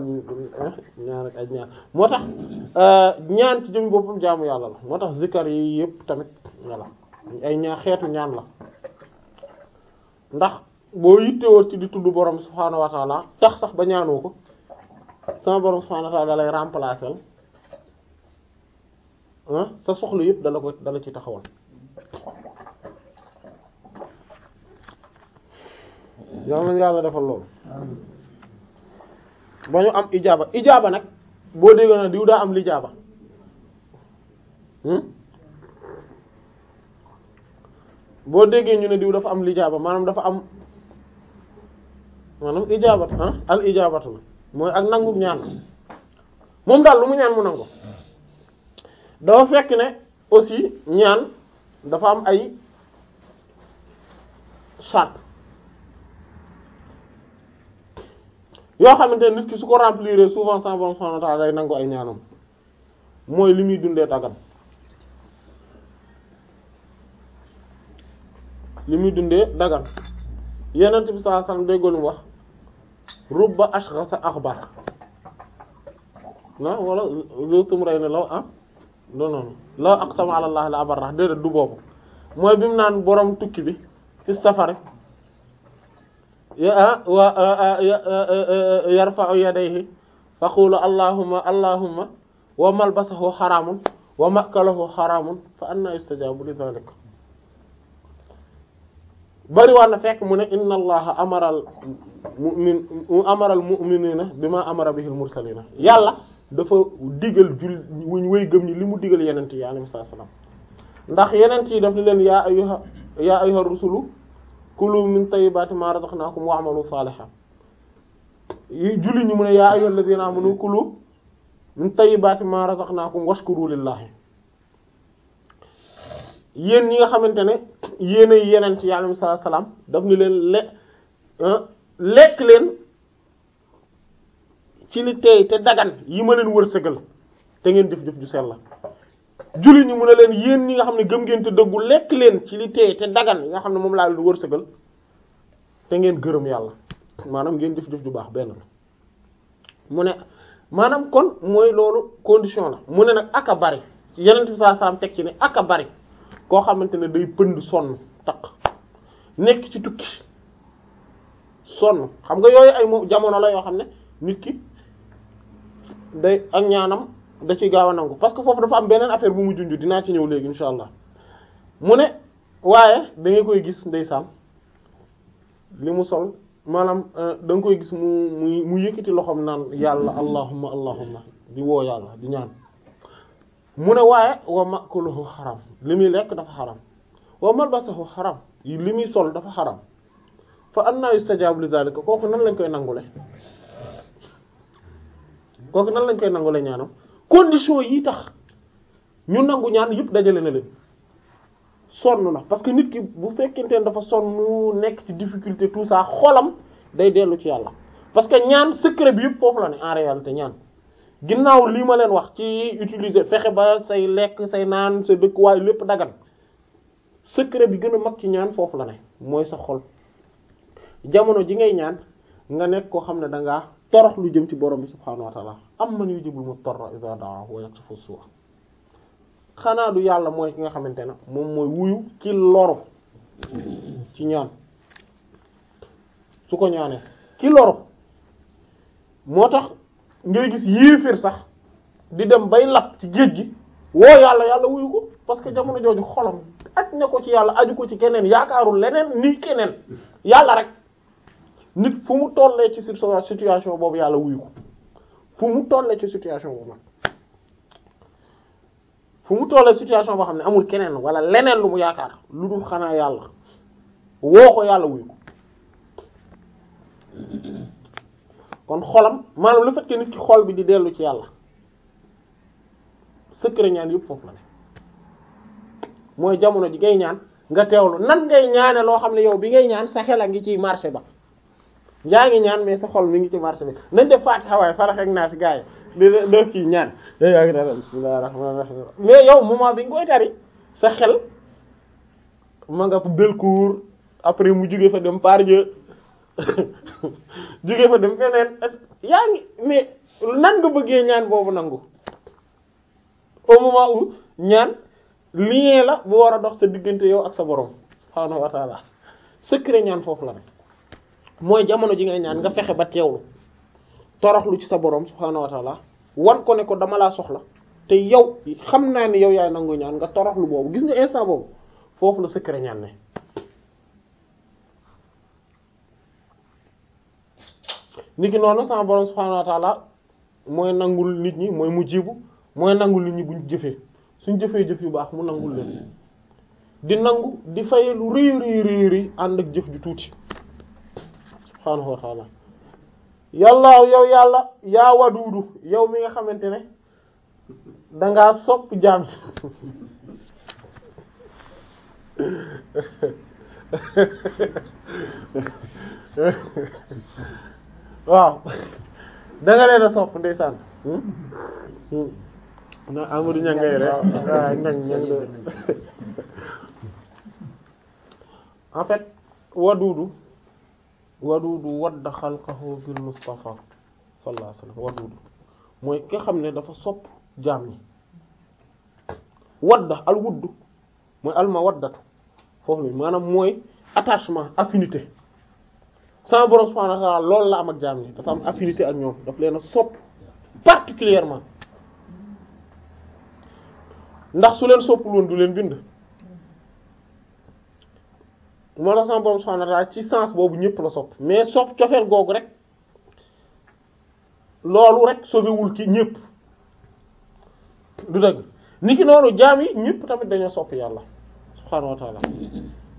eh, ñaan ak moo tax euh, ñaan ci jëm boppam jaamu yàlla la moo tax zikar yi yépp tamit voilà ay xeetu ñaan la ndax boo yittewoo ci di tudd borom subhaanahu wa taala tax sax ba ñaanoo ko sama borom subhaanahu wa taala da eh, sa soxla yëpp dala ko dala ci taxawal yal nañu yàlla defal loolu ba ñu am ijaaba ijaaba nag boo déggoo na diw daa am lijaaba hmm? boo déggee ñu ne diw dafa am lijaaba maanaam dafa am maanaam ijaabat ah al ijaabatu la mooy ak nangu ñaan moom daal lu mu ñaan mu nangu dafa fekk ne aussi ñaan dafa am ay sart yoo xamante ne nit ki su ko remplir souvent sans borom subhanahu wa ta'ala nangu ay ñaanam mooy li muy dundee tàggat li muy dundee dagan yenent bi sallallahu alayhi wasallam déggoo lu mu wax rubba ashghasa akhbar na wala rey ne law ah non non law aqsama ala allah la abarra déedéet du boobu mooy bi mu naan boroom tukki bi ci safare yarfa'u yadayhi faqulu allahumma allahumma wa malbasahu xaraamun wa makalahu xaraamun fa anna yustajabu li dhalika bari waan na fekk mu ne inna allaha amaral mu'min amaral mu'minina bima amara bihi al mursalina yàlla dafa digal jul wuñ way gëm ñi li mu digal yenent yi alayhi salaam ndax yenent yi daf leen yaa ayyuha yaa ayyuha rusulu kulu min tayyibati ma naa razaqnakum wa'malu salihan yi julli ñu mu ne yaa ayyuhal ladina amanu kulu min tayyibati ma razaqnakum washkuru lillahi yéen ñi nga xamante ne yéen yeneen ci yàlla sallallahu alayhi daf ni leen le euh, lekk leen ci li teey te dagan yi ma leen wërsëgal te ngeen jëf-jëf ju sell la jullit ñi mu ne leen yéen ñi nga xam ne gëm ngeen te dëggu lekk leen ci li teey te dagan yi nga xam ne moom laa leen wërsëgal te ngeen gërëm yàlla maanaam ngeen jëf def ju baax benn la mu ne maanaam kon mooy loolu condition la mu ne nag ak a bari yeneen bi sallallahu teg ci ne ak a bari koo xamante ne day pënd sonn taq nekk ci tukki sonn xam nga yooyu ay jamono la yoo xam ne nit ki day ak ñaanam da ciy gaaw a nangu parce que foofu dafa am beneen affaire bu mu junj dinaa ci ñëw léegi insha allah mu ne waaye danga koy gis ndeysaan li mu sol maanaam euh, danga koy gis mu mu mu yëkkati loxoom naan yàlla allahumma allahumma di woo yàlla di ñaan mu ne waaye wa makuluhu xaram li muy lekk dafa xaram wa malbasahu xaram li muy sol dafa xaram fa anna yustajabu li zalika kooku nan lañ koy nangule kooku nan lañ koy nangule ñaanam condition yi tax ñu nangu ñaan yëpp dajale na leen sonn na parce que nit ki bu fekkente ne dafa sonn nekk ci difficulté tout saa xolam day dellu ci yàlla parce que ñaan secret bi yëpp foofu la ne en réalité ñaan ginnaaw lii ma leen wax ci utiliser fexe ba say lekk say naan sa dëkkuwaay lépp dagan secret bi gën a mag ci ñaan foofu la ne mooy sa xol jamono ji ngay ñaan nga nekk koo xam ne danga torox lu jëm ci borom bi subhaanahu wa ta'ala amman yujibul mutarra idha da'ahu wa yakshifu su'a xanaa du yàlla mooy ki nga xamante ne moom mooy wuyu ki loro ci ñaan su ko ñaanee ki loro moo tax ngay gis yéeféer sax di dem bay lap ci géej gi woo yàlla yàlla wuyu ko parce que jamono jooju xolam aj na ko ci yàlla aju ko ci keneen yaakaarul leneen nii keneen yàlla rek nit fu mu tollee ci sur situation boobu yàlla wuyu ko fu mu tollee ci situation boobu fu mu tollee situation boo xam ne amul keneen wala leneen lu mu yaakaar lu dul xanaa yàlla woo ko yàlla wuyu kon xolam maanaam le fait que nit ki xol bi di dellu ci yàlla secret ñaan yëpp foofu la ne mooy jamono ji ngay ñaan nga teewlu nan ngay ñaane loo xam ne yow bi ngay ñaan sa xel a ngi ciy marché ba yaa ngi ñaan mais sa xol mi ngi ci marché bi nañ def Fatiha waaye farax ak naa si gars yi di doo ñaan yaa ngi naan bismillahir rahmanir rahim mais yow moment bi nga koy tari sa xel ma nga del cours après mu jugee fa dem par Dieu jugee fa dem feneen yaa ngi mais nan nga bëggee ñaan boobu nangu au moment où ñaan lien la bu war a dox sa diggante yow ak sa borom subhaanahu wa ta'ala secret ñaan foofu la ne mooy jamono ji ngay ñaan nga fexe ba teewlu toroxlu ci sa borom subhaanahu wa wan ko ne ko dama laa soxla te yow xam naa ne yow yaay nangu ñaan nga toroxlu boobu gis nga instant boobu foofu la secret ñaan ne nit ki noonu sama borom nit ñi mooy mu jibu mooy nangul nit ñi buñ jëfee suñ jëfee jëf yu baax mu nangul leen di nangu di fay lu rëy ànd ak jëf ju tuuti subhaanahu wa ta'ala yàllaaw yow yàlla yaa waduudu yow mi nga xamante ne dangaa sopp jaam waaw danga leen a sopp ndeysaan hmm? na Amadou ñangay rek waaw ñang ñang en fait waduudu waduudu wadda xalqahu bil mustafa sallallahu alayhi wasallam waduudu mooy ki nga xam ne dafa sopp jaam yi wadda al wudd mooy al mawaddatu foofu la maanaam mooy attachement affinité sama borom subhanahu wa ta'ala loolu la am ak jaam yi dafa am affinité ak ñoom daf leen a sopp particulièrement ndax su leen soppul woon du leen bind moo tax sama borom subhaanahu wa ci sens boobu ñépp la sopp mais sopp cofeel googu rek loolu rek sofewul ki ñépp du dëgg ni ki noonu jaam yi ñépp tamit dañoo sopp yàlla subhaanahu wa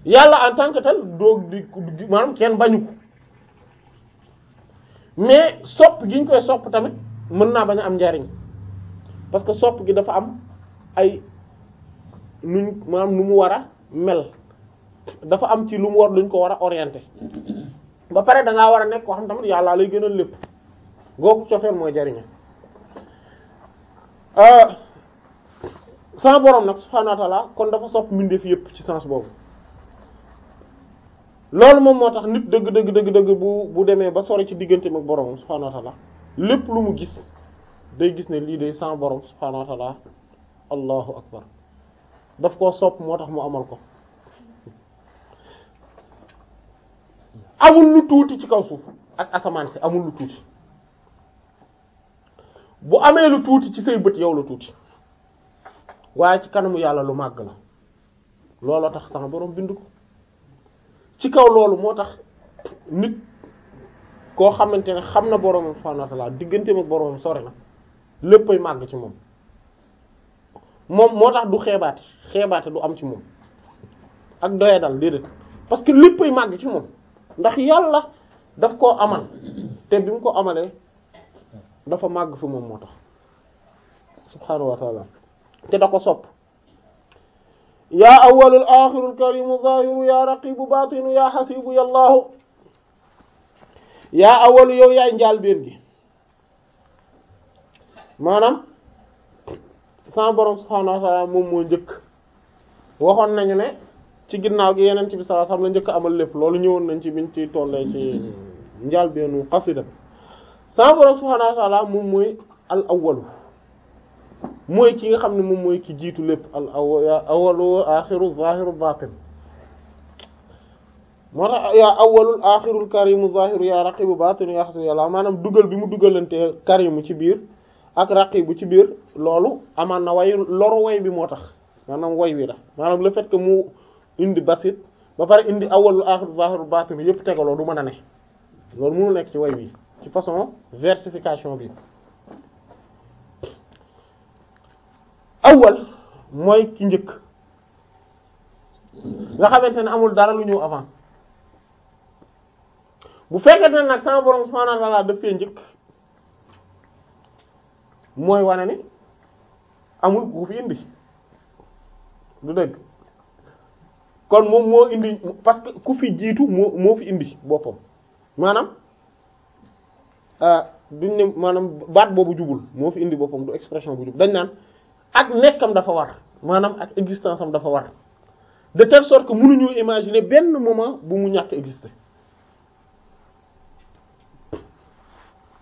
yàlla en tant que tel doog di maanaam kenn bañu ko mais sopp gi ñu koy sopp tamit mën naa bañ am njariñ parce que sopp gi dafa am ay nuñ maanaam nu mu war a mel dafa am ci lu mu war luñ ko war a orienté ba pare dangaa war a nekk koo xam tamit yàllaa lay gënal lépp googu cofeel mooy jariña euh, saa borom nag subhaanahu wa kon dafa sopp mbindeef yépp ci sens boobu loolu moom moo tax nit dëgg dëgg dëgg dëgg bu bu demee ba sore ci diggante ak boromam subhaanahu wa ta'ala lépp lu mu gis day gis ne lii day sans borom subhaanahu wa ta'ala allahu akbar daf koo sopp moo tax mu amal ko amul lu tuuti ci kaw suuf ak asamaan si amul lu tuuti bu amee lu tuuti ci say bët yow la tuuti waaye ci kanamu yàlla lu màgg la looloo tax sax boroom bind ko ci kaw loolu moo tax nit koo xamante ne xam na boroomam subhaanahu wa ta'aala digganteem ak boroomam sore na léppay màgg ci moom moom moo tax du xeebaate xeebaate du am ci moom ak doye dal déedéet parce que léppay màgg ci moom ndax yàlla daf koo amal te bi mu ko amalee dafa màgg fi moom moo tax subhaanahu wa te da ko sopp yaa awwalul aaxirul kariimu zaahiru yaa raqiibu baatinu yaa xasiibu yallaahu yaa awwalu yow yaay njaal benn gi maanaam sama borom subhaanahu wa moom moo njëkk waxoon nañu ne ci ginnaaw gi yeneen bi sallallahu alayhi wasallam la njëkk amal lépp loolu ñëwoon nañ ci biñ ci tollee ci njaal beenu xasida sama borom subhaanahu moom mooy al awwalu mooy ki nga xam ne moom mooy ki jiitu lépp al awwalu axiru zahiru batin moo tax yaa awwalul axirul karimu zahiru yaa raqibu batinu yaa xasibu yàlla maanaam dugal bi mu dugalantee karimu ci biir ak raqibu ci biir loolu amaan na way loru way bi moo tax maanaam way wi la maanaam le fait que mu indi basit ba pare indi awal awwalu aaxiru baax baatin yëpp tegaloo du mën a ne loolu mënu nekk ci way bi ci façon versification bi awwal mooy ki njëkk nga xamante ne amul dara lu ñëw avant bu fekkente ne nag sama borom subhaanahu wa ta'aala daf fee njëkk mooy wane ne amul ku fi indi du dëgg kon moom moo indi parce que ku fi jiitu moo moo fi indi boppam maanaam duñ ah, ne maanaam baat boobu jubul moo fi indi boppam du expression bu jub dañ naan ak nekkam dafa war maanaam ak existence am dafa war de tell sorte que mënuñu imaginer benn moment bu mu ñàkk exister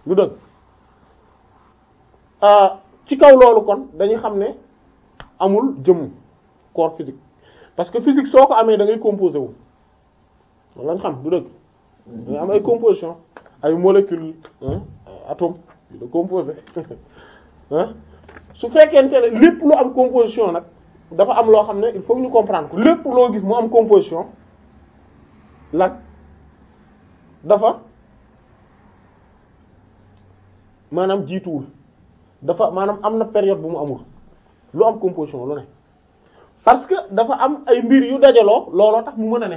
lu dëgg ah, ci kaw loolu kon dañuy xam ne amul jëm corps physique parce que physique soo ko amee dangay ngay composé wu lañ xam du dëgg danga ay composition ay molécule atome de composé su fekkente ne lépp lu am composition nag dafa am loo xam ne il faut ñu comprendre ko lépp loo gis mu am composition lak dafa maanaam jiituwul dafa maanaam am na période bu mu amul lu am composition lu ne parce que dafa am ay mbir yu dajaloo looloo tax mu mën a ne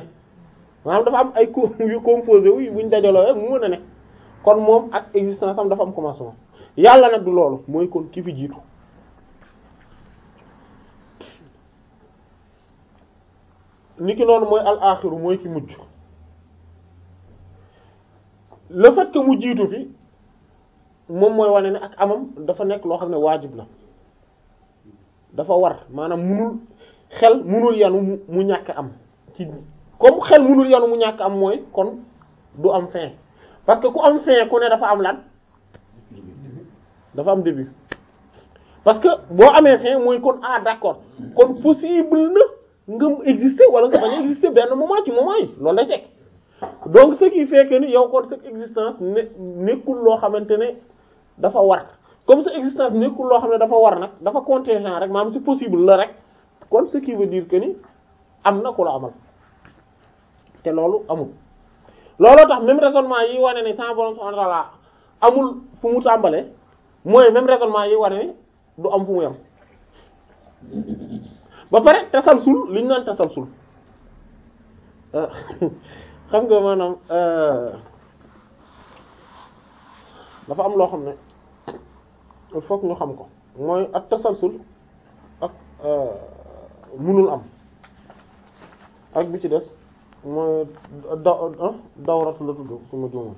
maanaam dafa am ay co yu composé wu buñ dajaloo rek mu mën a ne kon moom ak existence am dafa am commencement yàlla nag du loolu mooy kon ki fi jiitu ni ki noonu mooy al axiru mooy ki mujj le fait mu jiitu fi moom mooy wane ne ak amam dafa nekk loo xam ne waajib la dafa war maanaam munul xel munul yanu mu mu ñàkk am ci comme xel munul yanu mu ñàkk am mooy kon du am fin parce que ku am fin ku ne dafa am lan dafa am début parce que boo amee fin mooy kon ah d'accord kon possible na nga mu wala nga bañ a exister benn moment ci moment yi loolu la donc ce qui fait que ni yow kon sa existence ne nekkul loo xamante ne dafa war comme sa existence nekkul loo xam ne dafa war nag dafa contingent rek maanaam si possible la rek kon ce qui veut dire que ni am na ku la amal te loolu amul looloo tax même raisonnement yi wane ni sans borom subhanahu wa amul fu mu tàmbalee mooy même raisonnement yi wane ne du am fu mu yam ba pare tasalsul li ñu naan tasalsul xam nga maanaam eh, dafa am loo xam ne il faut ñu xam ko mooy ak tasalsul ak. Eh, munul am ak bi ci des mooy da ah, dawrat la tudd su ma juumul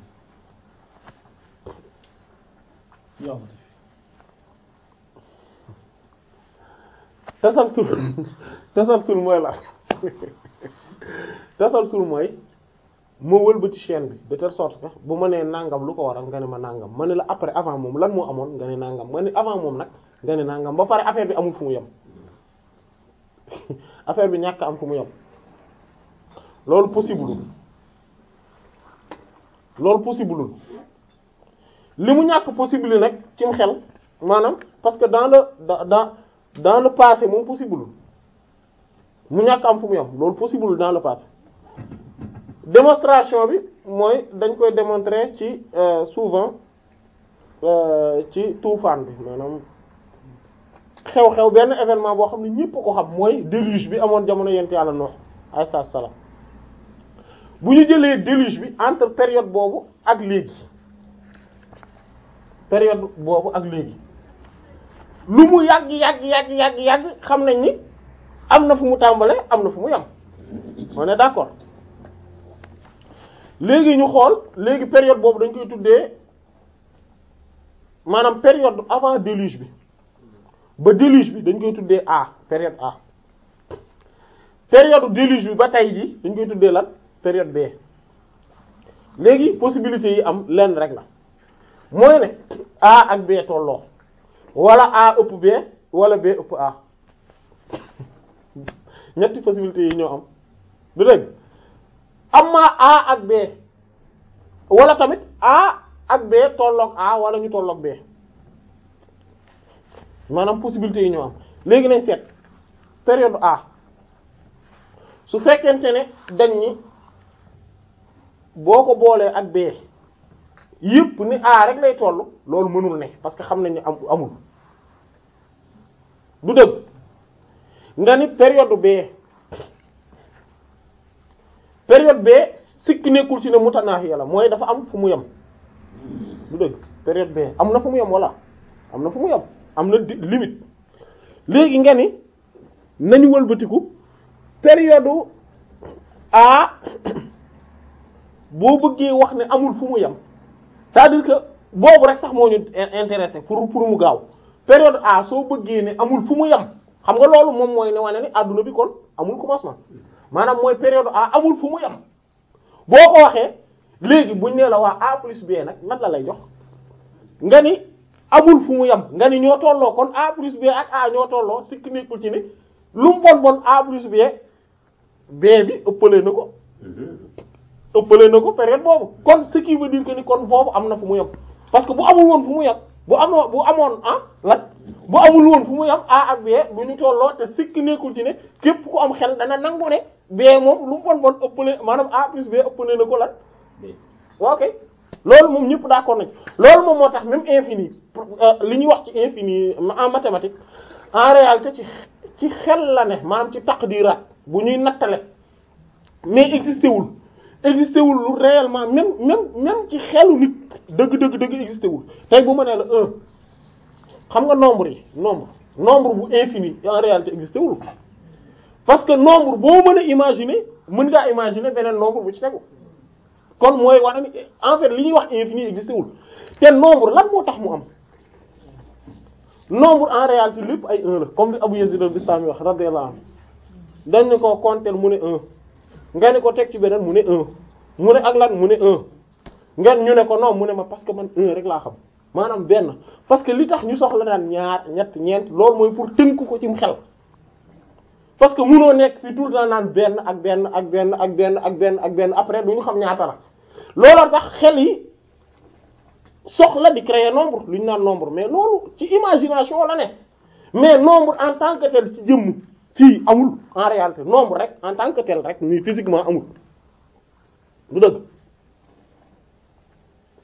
tasalsul tasalsul mooy la tasalsul mooy moo wëlbati chaîne bi de telle sorte bu ma nee nangam lu ko waral nga ne ma nangam ma ne la après avant moom lan moo amoon nga ne nangam ma ne avant moom nag nga ne nangam ba pare affaire bi amul fu mu yem affaire bi ñàkk am fu mu yem loolu possiblu loolu possible li mu ñàkk possible nag cim xel maanaam parce que dans le dans dans le passé moom possible mu ñàkk am fu mu yem loolu possible dans le passé démonstration bi mooy dañ koy démontrer ci euh, souvent euh, ci tuufaan bi maanaam. xew-xew benn événement boo xam ne ñëpp ko xam mooy déluge bi amoon jamono yent yàlla noox alayhi salaam bu ñu jëlee déluge bi entre période boobu ak léegi période boobu ak léegi lu mu yàgg yàgg yàgg yàgg yàgg xam nañ ni am na fu mu tàmbalee am na fu mu yem on est d'accord léegi ñu xool léegi période boobu dañ koy tuddee maanaam période avant déluge bi. ba déluge bi dañ koy tuddee A période A période déluge bi ba tey ji dañ koy tuddee lan période B léegi possibilités yi am lenn rek la mooy ne A ak B tolloo wala A ëpp B wala B ëpp A ñetti possibilités yi ñoo am du dégg amma A ak B wala tamit A ak B tolloog A wala ñu tolloog B maanaam possibilité yi ñu am léegi nañ seet période A su fekkente ne dañ ni boo ko boolee ak B yëpp ni A rek lay toll loolu mënul ne parce que xam nañ ne am amul du dëgg nga ni période B période B sikki nekkul ci ne mutanaahi la mooy dafa am fu mu yem du dëgg période B am na fu mu yom walla am na fu mu yom am na limite léegi nga ni nañu wëlbatiku période a boo bëggee wax ne amul fu mu yem c'est-à-dire que boobu rek sax moo ñu intéressé pour pour mu gaaw période a soo bëggee ne amul fu mu yem xam nga loolu moom mooy ne wane ni adduna bi kon amul commencement maanaam mooy période a amul fu mu yem boo ko waxee léegi buñ nee la waa a plus b nag nan la lay jox nga ni amul fu mu yem nga ni ñoo tolloo kon a plus b ak a ñoo tolloo sikk nekkul ci lu mu bon bon prise plus b b bi ëppale na ko mm-hmm. ëppale na ko période boobu kon ce qui veut dire que ni kon boobu am na fu mu yem parce que bu amul woon fu mu yem bu amoo bu amoon ah lan bu amul woon fu mu yem a ak bu ñu tolloo te sikk nekkul ci képp ku am xel dana nangu ne b moom lu mu bon bon ëppale maanaam a plus b ëppale na ko lan ok loolu moom ñëpp d'accord nañ loolu moom moo tax même infini Euh, li ñuy wax ci infini en mathématique en réalité ci ci xel la ne maanaam ci dira bu ñuy nattale mais existé wul existé wul lu réellement même même ci xelu nit dëgg dëgg dëgg existé wul tey bu ma nee la un xam nga nombre yi nombre nombre bu infini en réalité existé wul parce que nombre boo mën a imaginer mën ngaa imaginer beneen nombre bu ci tegu kon mooy wane ni en fait li ñuy wax infini existé wul te nombre lan moo tax mu am. nombre en réalité lépp ay 1 comme li Abu Yazid al-Bistami wax radiyallahu anhu dañ ne ko compter mu ne 1 nga ne ko teg ci beneen mu ne 1 mu ne ak lan mu ne 1 ngeen ñu ne ko non mu ne ma parce que man 1 rek laa xam maanaam benn parce que li tax ñu soxla naan ñaar ñett ñeent loolu mooy pour tënku ko ci mu xel parce que munoo nekk fii tout le temps naan benn ak benn ak benn ak benn ak benn ak benn après du ñu xam ñaata la looloo tax xel yi. la di créer nombre lu ñu naan nombre mais loolu ci imagination la ne mais nombre en tant que tel ci jëmm fii amul en réalité nombre rek en tant que tel rek nii physiquement amul du dëgg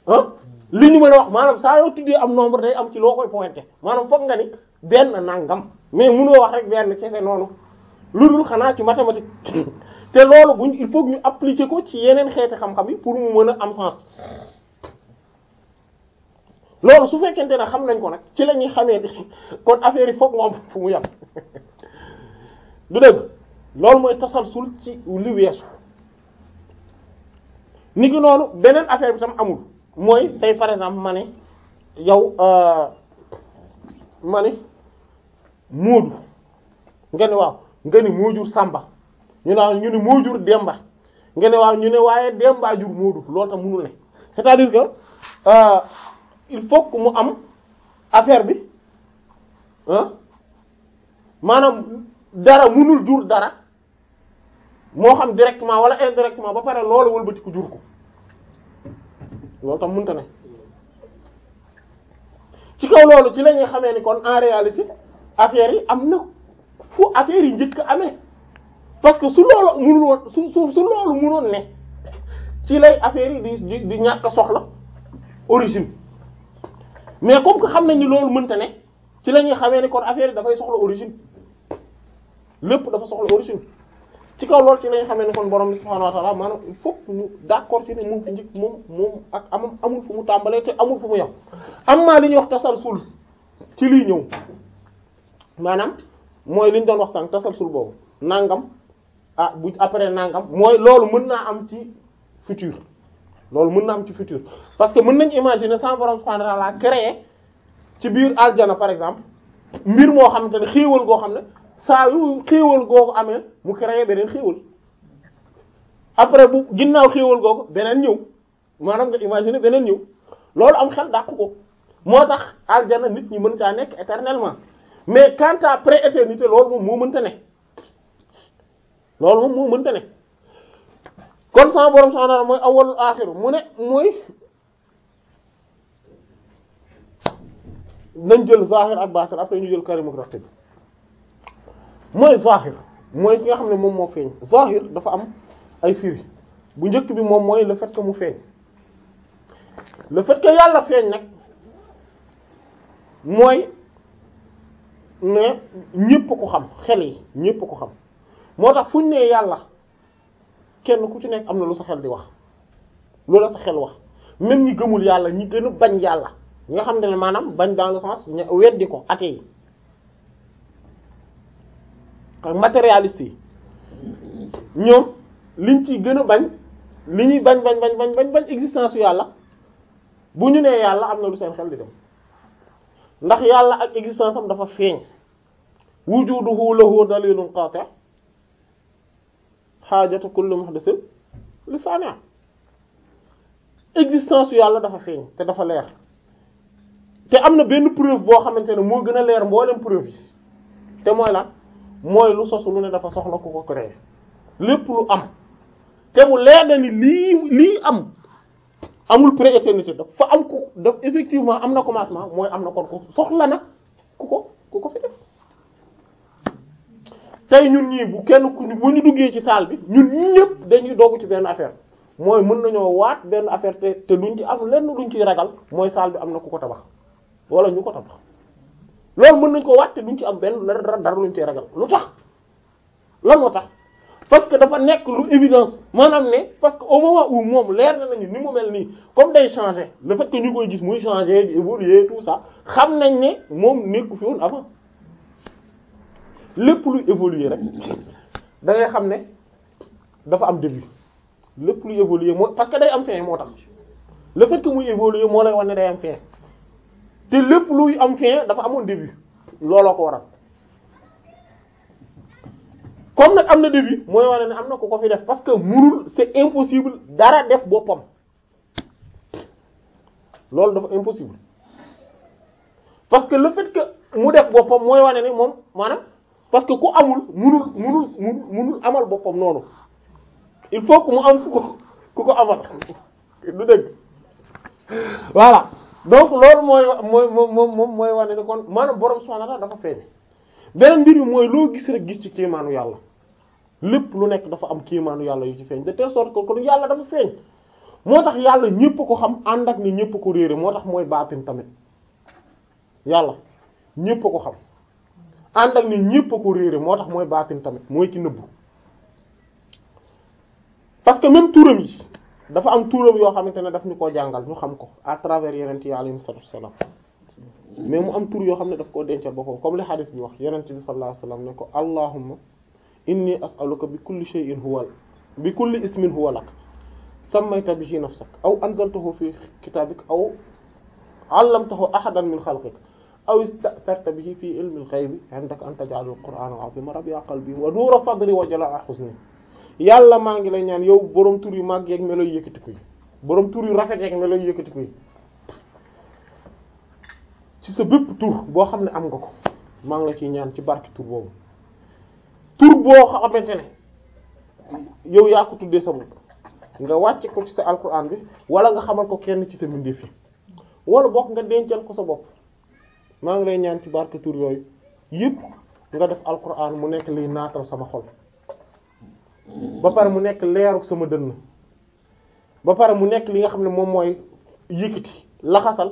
ah li ñu mën a wax maanaam saa yoo tuddee am nombre day am ci loo koy pointé maanaam foog nga ni benn nangam mais mënoo wax rek benn kese noonu lu dul xanaa ci mathématique te loolu buñ il faut ñu appliquer ko ci yeneen xeeti xam-xam yi pour mu mën a am sens loolu su fekkente ne xam nañ ko nag ci la ñuy xamee kon affaire yi foog moom am fu mu yem du dëgg loolu mooy tasalsul ci li weesu ni ki noonu beneen affaire bi tam amul mooy tey par exemple mane ne yow euh, ma ne Moodu nga ne waaw nga ne moo ñu ne ñu ne jur Demba nga ne waaw ñu ne waaye Demba jur Moodu loolu tam mënul ne c'est-à-dire que. Euh, il faut que mu am affaire bi maanaam dara munul jur dara moo xam directement wala indirectement ba pare loolu wëlbati ko jur ko loolu tam mënta ne ci kaw loolu ci la ñuy xamee ni kon en réalité affaire yi am na fu affaire yi njëkk ame parce que su loolu mënul woon su su su loolu mënoon ne ci lay affaire yi di di ñàkk soxla origine mais comme que xam nañ ni loolu mënta ne ci la ñuy xamee ni kon affaire yi dafay soxla origine lépp dafa soxla origine ci kaw loolu ci la ñuy xamee ni kon borom bi subhaanahu wa ta'ala maanaam il faut ñu d'accord ci ne moom njëkk moom moom ak amam amul fu mu tàmbalee te amul fu mu yem am maa li ñuy wax tasalsul ci lii ñëw maanaam mooy li ñu doon wax sànq tasalsul boobu nangam ah bu après nangam mooy loolu mën naa am ci futur loolu mën na am ci futur parce que mën nañ imaginer sans borom subhanahu wa créer ci biir aljana par exemple mbir moo xamante ne xéewal goo xam ne saa yu xéewal googu amee mu créer beneen xéewal après bu ginnaaw xéewal googu beneen ñëw maanaam nga imaginer beneen ñëw loolu am xel dàq ko moo tax aljana nit ñi mën caa nekk éternellement mais quant à pré-éternité loolu moom moo mënta ne loolu moom moo mënta kon sama borom subhanahu wa ta'ala mooy awwalul axiru mu ne mooy nañ jël zahir ak baatin après ñu jël karim ak ratib mooy zahir mooy ki nga xam ne moom moo feeñ zahir dafa am ay firi bu njëkk bi moom mooy le fait ko mu feeñ le fet que yàlla feeñ nag mooy ne ñépp ko xam xel yi ñépp ko xam moo tax fuñ ne yàlla kenn ku ci nekk am na lu sa xel di wax loolu la sa xel wax même ñi gëmul yàlla ñi gën a bañ yàlla nga xam ne maanaam bañ dans le sens ña weddi ko athée yi ak matérialiste yi ñoom liñ ciy gën a bañ li ñuy bañ bañ bañ bañ bañ bañ existence yu yàlla bu ñu nee yàlla am na lu seen xel di dem ndax yàlla ak existence am dafa feeñ wujuduhu lahu dalilun qati' xaajata kullu muhdathin li saani' existence yàlla dafa feeñ te dafa leer te am na benn preuve boo xamante ne moo gën a leer mboolem preuve yi te mooy lan mooy lu sosu lu ne dafa soxla ku ko créer lépp lu am te mu leer na ni lii lii am amul pré-éternité dafa am ku daf effectivement am na commencement mooy am na kon ko soxla na ku ko tey ñun ñii bu kenn ku bu ñu duggee ci salle bi ñun ñëpp dañuy doogu ci benn affaire mooy mën nañoo waat benn affaire te te duñ ci am lenn luñ ciy ragal mooy salle bi am na ku ko tabax wala ñu ko tabax loolu mën nañ ko waat te duñ ci am benn dara dara ñu ciy ragal lu tax la moo tax parce que dafa nekk lu évidence maanaam ne parce que au moment où moom leer na nañu ni mu mel nii comme day changer le fait que ñu koy gis muy changer di évoluer tout xam nañ ne moom nekku fi woon avant. lépp luy évoluer rek dangay xam ne dafa am début lépp luy évoluer moo parce que day am fin moo tax le fait évoluer moo lay wax ne day am fin te lépp luy am fin dafa amoon début looloo ko waral comme nag am na début mooy wane ne am na ko ko fi def parce que mënul c'est impossible dara def boppam loolu dafa impossible parce que le que mu def boppam mooy wane ne moom maanaam parce que ku amul munul munul munul munul amal boppam noonu il faut que mu am ku ko ku ko amal du dëgg voilà donc loolu mooy mooy moom moom mooy wane ne kon maanaam borom subhaanahu wa ta'aala dafa feeñ beneen mbir mi mooy loo gis rek gis ci kéemaanu yàlla lépp lu nekk dafa am kéemaanu yàlla yu ci feeñ de telle sorte que kon yàlla dafa feeñ moo tax yàlla ñépp ko xam ànd ak ni ñépp ko réere moo tax mooy baatin tamit yàlla ñépp ko xam. ànd ak ni ñépp ko réere moo tax mooy baatin tamit mooy ci nëbbu parce que même turam yi dafa am turam yoo xamante ne daf ñu koo jàngal ñu xam ko à travers yenent yi alayhi salatu wassalam mais mu am tur yoo xam ne daf koo dencal boppam comme li hadith bi wax yenent bi sallallahu alayhi wasallam ne ko allahumma inni as'aluka bi kulli shay'in huwa bi kulli ismin huwa lak sammayta bihi nafsak aw anzaltahu fi kitabik aw allamtahu ahadan min khalqik aw ista'tharta bi fii ilmil ghaybi indaka an taj'ala al-qur'ana al-'azima rabi'a qalbi wa nuura sadri wa jalaa'a huzni yàlla maa ngi lay ñaan yow borom tur yu màgg yeeg melo yëkkatiku yi borom tur yu rafet yeeg melo yëkkatiku yi ci sa bépp tur boo xam ne am nga ko maa ngi la ciy ñaan ci barki tur boobu tur boo xamante ne yow yaa ko tuddee sa bopp nga wàcce ko ci sa alquran bi wala nga xamal ko kenn ci sa mbindeef yi wala bokk nga dencal ko sa bopp. maa ngi lay ñaan ci barke tur yooyu yépp nga def alquran mu nekk liy naatal sama xol ba pare mu nekk leeru sama dënn ba pare mu nekk li nga xam ne moom mooy yëkkati laxasal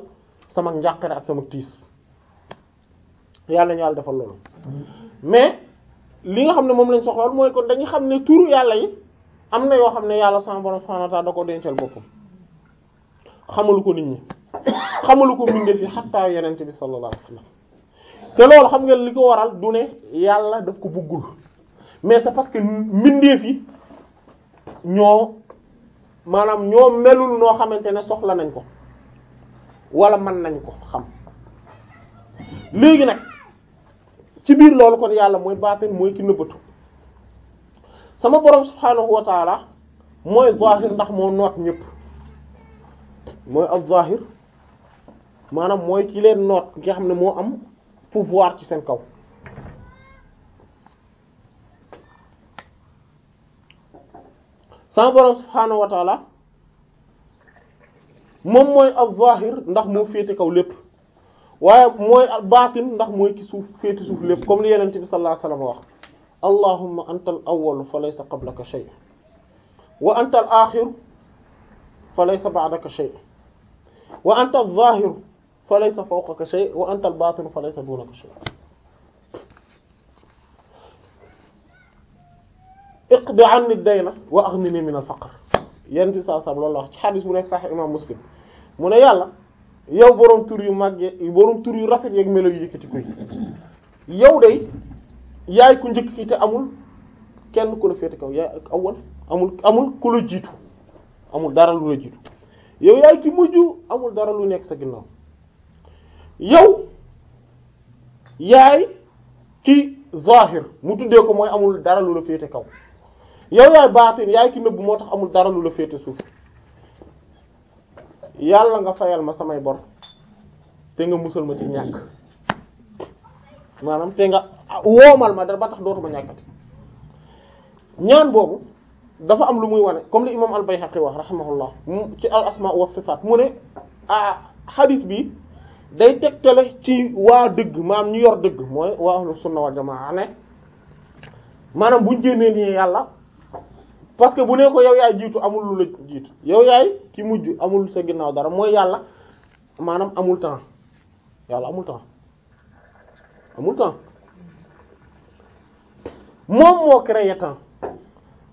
sama njàqare ak sama tiis yàlla ñu yàlla defal loolu mais li nga xam ne moom lañ soxla mooy ko dañu xam ne turu yàlla yi am na yoo xam ne yàlla sama borom subhanahu wa ta'ala da ko dencal boppam xamalu ko nit ñi xamalu ko mbindeef yi xattaa yonent bi sallallahu alayhi wasallam te loolu xam nga li ko waral du ne yàlla daf ko buggul mais c'est parce que mbindeef yi ñoo maanaam ñoo melul noo xamante ne soxla nañ ko walla man nañ ko xam léegi nag ci biir loolu kon yàlla mooy baatin mooy ki nëbbatu sama borom subhaanahu wa mooy zahir ndax moo noot ñëpp mooy ab zahir maanaam mooy ki leen noot ki xam ne moo am pouvoir ci seen kaw sama borom subhaanahu taala moom mooy az-zahir ndax moo féete kaw lépp waaye mooy baatin ndax mooy ki suuf féete suuf lépp comme li yenente bi sallallahu alayhi wasallam wax allahumma anta al awwal fa laysa qablaka shay wa anta al fa laysa ba'daka shay wa anta az-zahir fa laysa fawqaka shay wa anta al-baatinu fa laysa duunaka shay iqdi anni dayna wa aghnini min al-faqr yenn saa saam loolu la wax ci xadis bu ne sax imam muslim mu ne yàlla yow boroom tur yu mag boroom tur yu rafet yeeg melo yu yëkkati koy yow day yaay ku njëkk ki amul kenn ku la féete kaw yaay ak awal amul amul ku jiitu amul dara lu la jiitu yow yaay ki mujj amul dara lu nekk sa ginnaaw yow yaay ki zahir mu tuddee ko mooy amul dara lu la féete kaw yow yaay baatin yaay ki nëbb moo tax amul dara lu la féete suuf yàlla nga fayal ma samay bor te nga musal ma ci ñàkk maanaam te nga woomal ma dara ba tax dootuma ñàkkati ñaan boobu dafa am lu muy wane comme li imam al-Bayhaqi wax rahimahullah ci al asma wa sifaat mu ne ah hadith bi day tegtale ci waa dëgg maam ñu yor dëgg mooy waa ahlu sunna wal ne maanaam buñ jénnee nii yàlla parce que bu ne ko yow yaay jiitu amul lu la jiitu yow yaay ci mujj amul sa ginnaaw dara mooy yàlla maanaam amul temps yàlla amul temps amul temps moom moo créé temps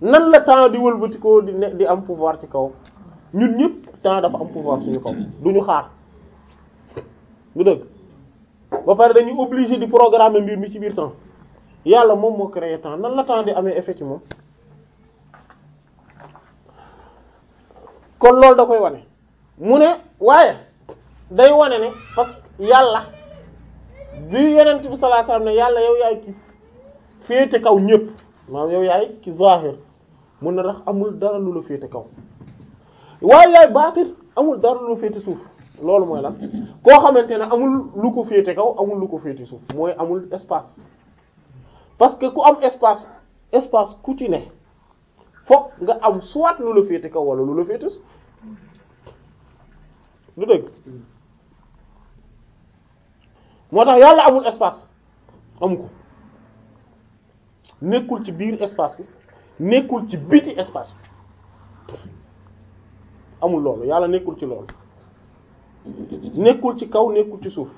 nan la temps di wëlbatikoo di am pouvoir ci kaw ñu ñëpp temps dafa am pouvoir suñu kaw duñu xaar bu dëgg ba pare dañuy obligé di programme mbir mi ci biir temps yàlla moom moo créé temps nan la temps di amee effet ci moom kon loolu da koy wone mu ne waaye day wane ne parce yàlla bi yeneen bi sallallahu alayhi ne yàlla yow yaay ki féete kaw ñépp maanaam yow yaay ki zahir mun na tax amul dara lu la féete kaw waaye yaay baatir amul dara lu la féete suuf loolu mooy lan koo xamante ne amul lu ko féete kaw amul lu ko féete suuf mooy amul espace parce que ku am espace espace ku ci ne fokk nga am soit lu la féete kaw wala lu la féete suuf lu dëgg moo tax yàlla amul espace amu ko nekkul ci biir espace bi nekkul ci biti espace bi amul loolu yàlla nekkul ci loolu nekkul ci kaw nekkul ci suuf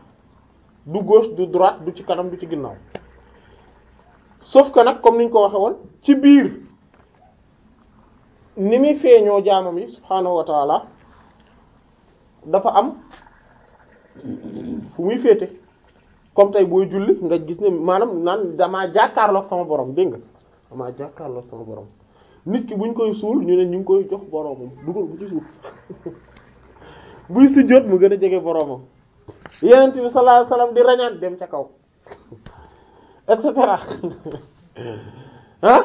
du gauche du droite du ci kanam du ci ginnaaw sauf ka nag comme niñ ko waxe woon ci biir ni muy feeñoo jaamam yi subhaanahu wa dafa am fu muy féete comme tey booy julli nga gis ne maanaam naan damaa jàkkaarloog sama borom dégg nga damaa jàkkaarloog sama borom nit ki buñ koy suul ñu ne ñu ngi koy jox boromam dugal bu ci suuf buy sujjóot mu gën a jege boroomam yonent bi sallallahu alayhi wasallam di rañaan dem ca kaw et cetera ah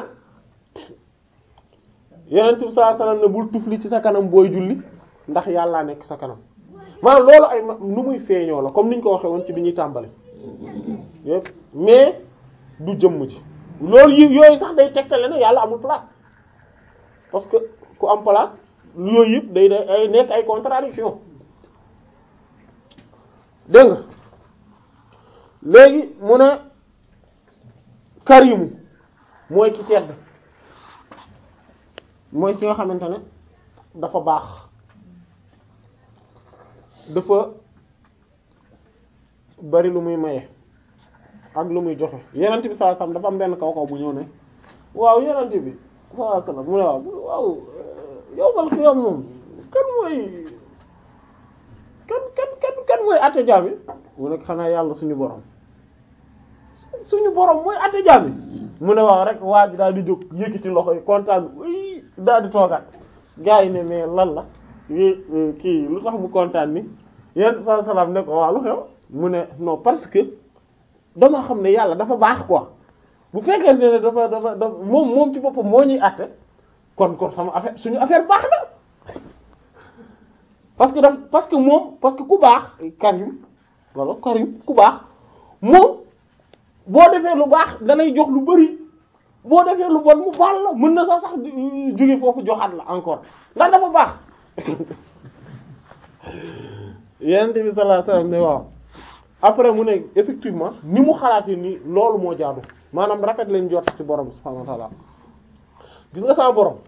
yonent sa sallallahu alayhi wasallam ne bul tufli ci sa kanam booy julli ndax yàllaa nekk sa kanam maanaam loolu ay nu muy feeñoo la comme ñu ko waxee woon ci bi ñuy tàmbali yëpp mais du jëmm ci loolu yi yooyu sax day tegtale ne yàlla amul place parce que ku am place yooyu yëpp day day ay nekk ay contradiction dégg nga léegi mu ne karimu mooy ki tedd mooy ki nga xamante ne dafa baax dafa bari lu muy maye ak lu muy joxe yenent bi sallallahu alayhi dafa am benn kaw kaw bu ñëw ne waaw yenent bi sallallahu alayhi mu ne waaw waaw euh, yow mal xiyam moom kan mooy mooy àtte jaam yi mu ne xanaa yàlla suñu borom suñu borom mooy àtte jaam yi mu ne wax rek waa ji daal di jóg ci loxo yi kontaan bi daal di toogaat gaa yi ne mais lan la euh, kii lu tax mu kontaan ni yéen saa ne ko waaw lu xew mu ne non parce que dama xam ne yàlla dafa baax quoi bu fekkee ne dafa dafa dafa moom moom ci boppam moo ñuy àtte kon kon sama affaire suñu affaire baax na. parce que daf parce que moom parce que ku baax Karim wala Karim ku baax moom boo defee lu baax danay jox lu bari boo defee lu bon mu baal la mën na sax sax jóge foofu joxaat la encore ndax dafa baax yonent bi sallallahu alayhi wasallam ne waaw après mu ne effectivement ni mu xalaatee ni loolu moo jaadu maanaam rafet lañ jot ci borom subhanahu wa ta'ala gis nga sa borom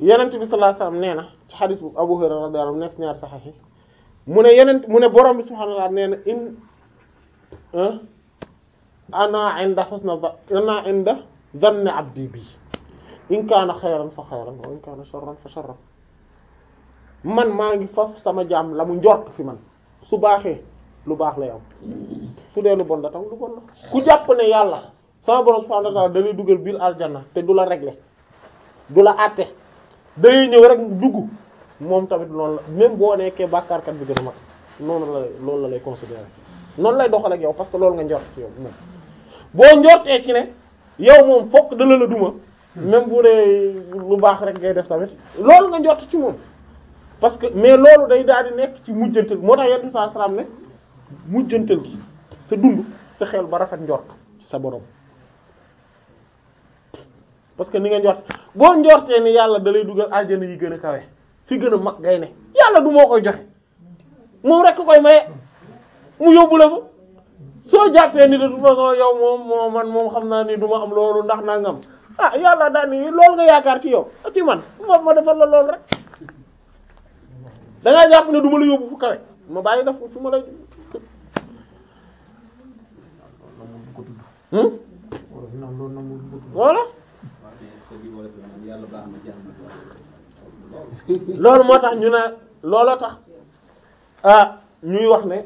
yonent bi sallallahu alayhi wasallam nee na ci xadis bu Abu Hurayra radiyallahu anhu nekk ñaar saxaaf yi mu ne yeneen mu ne borom bi subhaanahu wa ta'aala nee na in ana inda husna ana inda dhanni abdi bi in kaana fa xayran wa in kaana fa sharran man maa ngi faf sama jaam la mu njort fi man su baaxee lu baax lay am su dee lu bon la tam lu bon la ku jàpp ne yàlla sama borom subhaanahu wa dugal biir aljana te du la regle du la àtte day ñëw rek dugg moom tamit loolu la même boo nekkee bàkkaarkat bi gën a mag noonu la loolu la lay considérer noonu lay doxal ak yow parce que loolu nga njort ci yow moom boo njortee ci ne yow moom fokk dala la duma même bu baax rek ngay def tamit loolu nga njort ci moom parce que mais loolu day daal di nekk ci mujjantal moo tax yenn saa salaam ne mujjantal gi sa dund sa xel ba rafet njort ci sa borom parce que ni nga njort boo njortee ni yàlla da lay dugal aljana yi gën a kawe fi gën a mag ngay ne yàlla du koy joxe moom rek koy maye mu yóbbu la fa soo jàppee ni de yow moom moo xam naa ni du ma am loolu ndax nangam ah nga yaakaar ci yow ah, ci man moom ma defal la loolu rek da ngaa jàpp ne du ma la yóbbu fu kawe ma bàyyi def fu ma hmm? la. voilà. loolu moo tax ñu ne looloo tax ah ñuy wax ne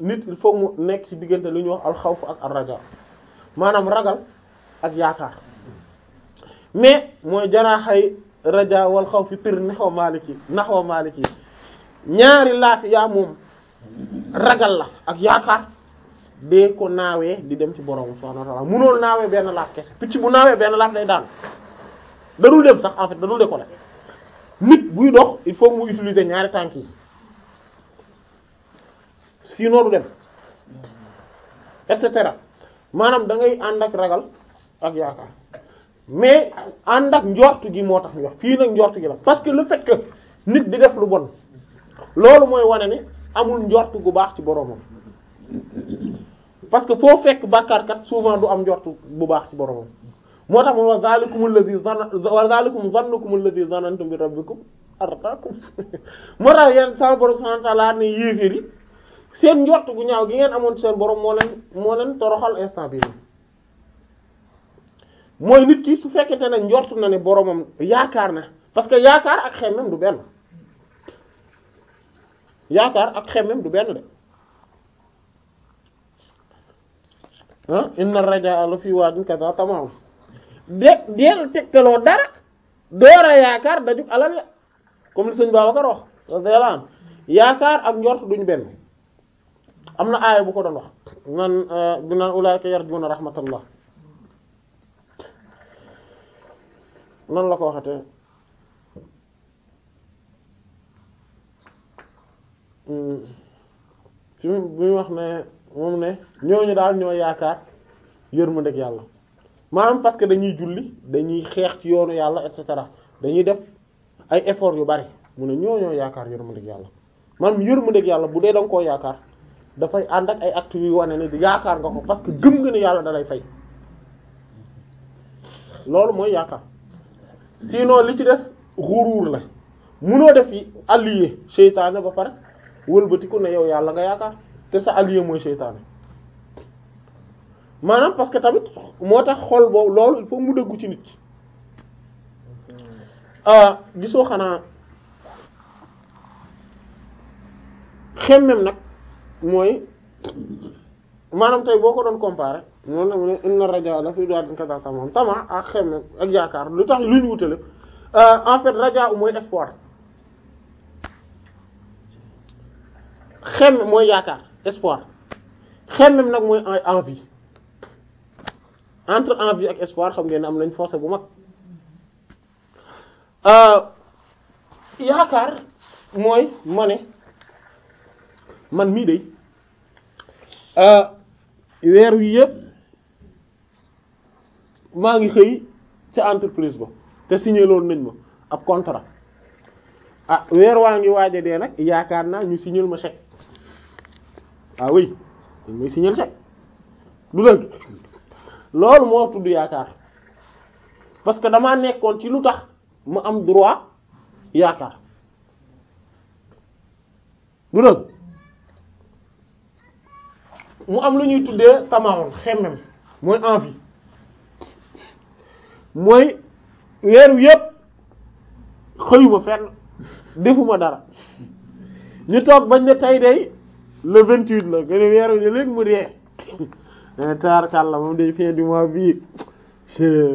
nit il mu nekk ci diggante lu ñuy wax alxawf ak arraja maanaam ragal ak yaakaar mais mooy jaraaxay raja wal xawfi tir naxwa maliki naxwa ci ñaari yaa moom ragal la ak yaakaar dee ko naawee di dem ci borom subhanahu wa ta'ala munoon naawee benn laaf kes picc bu naawee benn laaf day daan dadul dem sax en fait dadul décoller nit buy dox il faut mu utiliser ñaari tànk yi sinon du dem et cetera maanaam da ngay ànd ak ragal ak yaakaar mais ànd ak njort gi moo tax ñu wax fii nag njortu gi la parce que lu fekk nit di def lu bon loolu mooy wane ne amul njortu gu baax ci boromam parce que foo fekk bàkkaarkat souvent du am njortu bu baax ci boromam. moo tax moom wa zalikum allazi zanna wa zalikum zannukum allazi zanantum bi rabbikum artaakum moo tax yeen sa borom subhanahu wa ta'ala ne yéeféer yi seen njort gu ñaaw gi ngeen amoon seen borom moo leen moo leen toroxal instant bi mooy nit ki su fekkente ne njort na ne boromam yaakaar na parce que yaakaar ak xemmem du benn yaakaar ak xemmem du benn de ah, inna rajaa la fi waadin kaza tamam de deel tegtaloo dara door a yaakaar dajug alal ya comme li sëñ Babacar wax radiyallahu yaakaar ak njort duñu benn am na aaya bu ko doon wax nan bi euh, naan ulaa'ika yarjuuna rahmatallah nan la ko waxatee hmm. mu wax ne moom ne ñooñu daal ñoo yaakaar yërmandeeg yàlla maanaam parce que dañuy julli dañuy xeex ci yoonu yàlla et cetera dañuy def ay effort yu bari mu ne ñoo ñoo yaakaar yërmandeeg yàlla man maanaam yërmandeeg yàlla bu dee da nga koo yaakaar dafay ànd ak ay actes yu wane di yaakaar nga ko parce que gëm nga ni yàlla da lay fay loolu mooy yaakaar si sinon li ci des xuruur la munoo def allié seytaane ba pare wëlbatiku ne yow yàlla nga yaakaar te sa allié mooy seytaane maanaam parce que tamit moo tax xol boobu loolu il faut mu dëggu ci nit ah gisoo xanaa xemmem nag mooy maanaam tey boo ko doon comparer moo la mu ne inna raja la fi doatin kasa tamam tama ak xemmem ak yaakaar lu tax lu ñu wutale ah, en fait raja u mooy espoir xemmem mooy yaakaar espoir xemmem nag mooy envie entre envie ak espoir xam ngeen ne am nañ force bu mag euh, yaakaar mooy ma ne man mii day euh, weer wi yépp maa ngi xëy ca entreprise ba te signé loon nañ ma ab contrat ah weer waa ngi waaja dee nag yaakaar naa ñu signé ma chèque ah oui dañ may signé chèque du dëgg loolu moo tudd yaakaar parce que damaa nekkoon ci lu tax ma am droit yaakaar du dëgg mu am lu ñuy tuddee tamaawon xemmem mooy envie mooy weeru yépp xëyuma fenn defuma dara ñu toog bañ ne tey day le vingt-huit la gën a weeru ñu mu dee la moom de fin du mois bii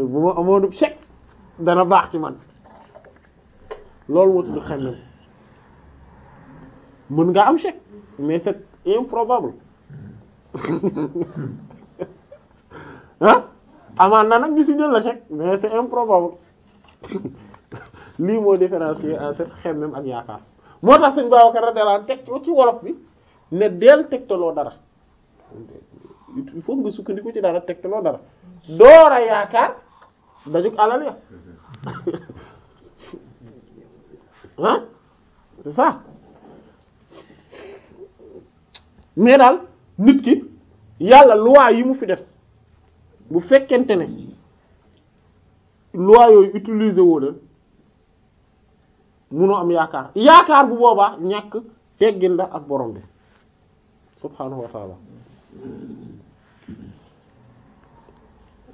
bu ma amoon chèque dana baax ci man loolu moo tudd xemmem mën nga am chèque mais c'est improbable ah amaan na nag gisuñu la chèque mais c'est improbable lii moo différencier entre xemmem ak yaakaar moo tax suñ Babacar radiyallahu anhu teg ci wolof bi ne teg toloo dara il faut nga sukkandiku ci dara tegtaloo dara doora yaakaar dajug alal ya ah c'est ça mais daal nit ki yàlla loi yi mu fi def bu fekkente ne loi yooyu utiliser woo leen munoo am yaakaar yaakaar bu boobaa ñàkk teggin la ak borom bi subhaanahu wa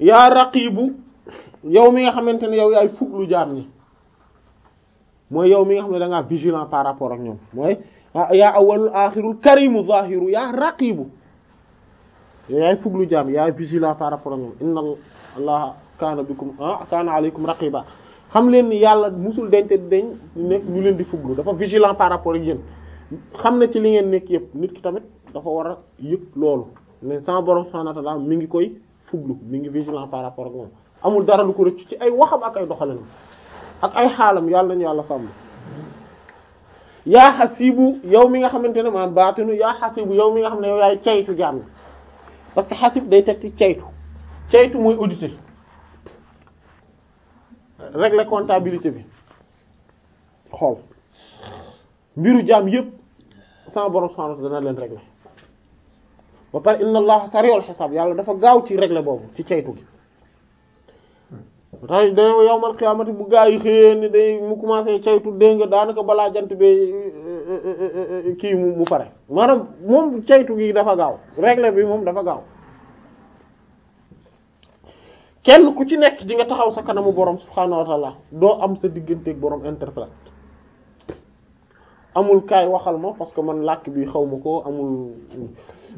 yaa raqibu yow mi nga xamante ne yow yaay lu jaam ñi mooy yow mi nga xam ne da ngaa vigilant par rapport ak ñoom mooy ah, yaa awwalul axirul karimu zahiru yaa raqibu yow yaay fuglu jaam yaay vigilant par rapport ak ñoom inna allaha kaana bikum ah kaana aleykum raqiba xam leen ni yàlla musul dente dañ nekk ñu leen di fuglu dafa vigilant par rapport ak yéen xam na ci li ngeen nekk yëpp nit ki tamit dafa war a yëg loolu mais sama borom subhanahu wa mi ngi koy fublu mi ngi vigilant par rapport ak moom amul dara lu ko rëcc ci ay waxam ak ay doxalanam ak ay xaalam yàlla nañu yàlla sàmm yaa xasibu yow mi nga xamante ne maanaam baatinu yaa xasibu yow mi nga xam ne yow yaay ceytu jaam parce que xasib day tekki ceytu ceytu mooy auditer régler comptabilité bi xool mbiru jaam yépp sans borom sans dana leen régler ba pare inna allaha sari'ul xisaab yàlla dafa gaaw ci règle boobu ci ceytu gi tax da yowmal xiyaamati bu gaa yi xëyee ni day mu commencé ceytu dégg nga daanaka balaa jant bi eh, eh, eh, kii mu mu pare maanaam moom ceytu gi dafa gaaw règle bi moom dafa gaaw kenn ku ci nekk di nga taxaw sa kanamu borom subhaanahu wa doo am sa digganteeg borom interprète amul kaay waxal ma parce que man làkk bi xaw ma ko amul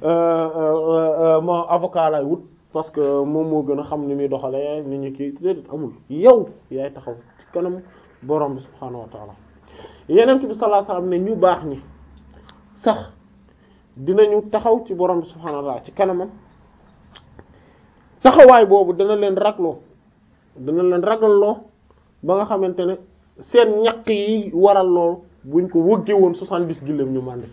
euh, euh, euh, ma avocat wut parce que moom moo gën a xam ni muy doxale nit ñi kii déedéet amul yow yaay taxaw ci kanam borom bi subhaanahu wa taala yenent bi sallallahu alayhi wasallam ne ñu baax ni sax dinañu taxaw ci borom bi subhaanahu wa taala ci kanamam taxawaay boobu dana leen ragloo dana leen ragalloo ba nga xamante ne seen ñaq yi waral loolu buñ ko wëggee woon soixante-dix gilléem ñu màndi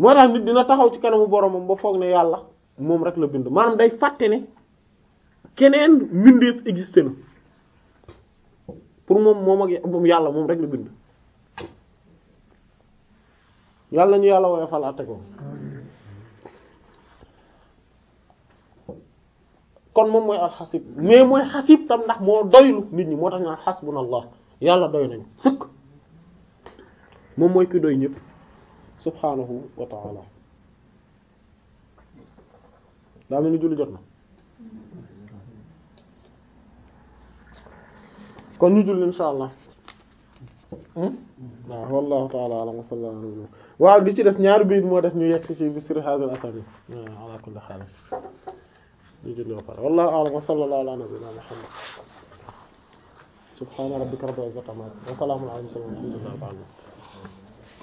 moo tax nit dina taxaw ci kanamu boromam ba foog ne yàlla moom rek la bind maanaam day fàtte ne keneen mbindeef existé na pour moom moom ak moom yàlla moom rek la bind yàlla ñu yàlla woyofal àtte ko kon moom mooy alxasib mais mooy xasib tam ndax moo doylu nit ñi moo tax ñu xasbunallah yàlla doy nañu sëkk moom mooy ki doy ñëpp subhanahu mel ni julli jot na kon ñu julli hmm? waaw waaw li ci des ñaari biir moo des ñu yegg ci bisri hadal asani ala kulli haal ñu julli ba pare wallahu a'lam wa sallallahu ala nabiyyina muhammad subhana rabbika rabbil izzati amma yasifun wa salamun ala al mursalin walhamdulillahi rabbil alamin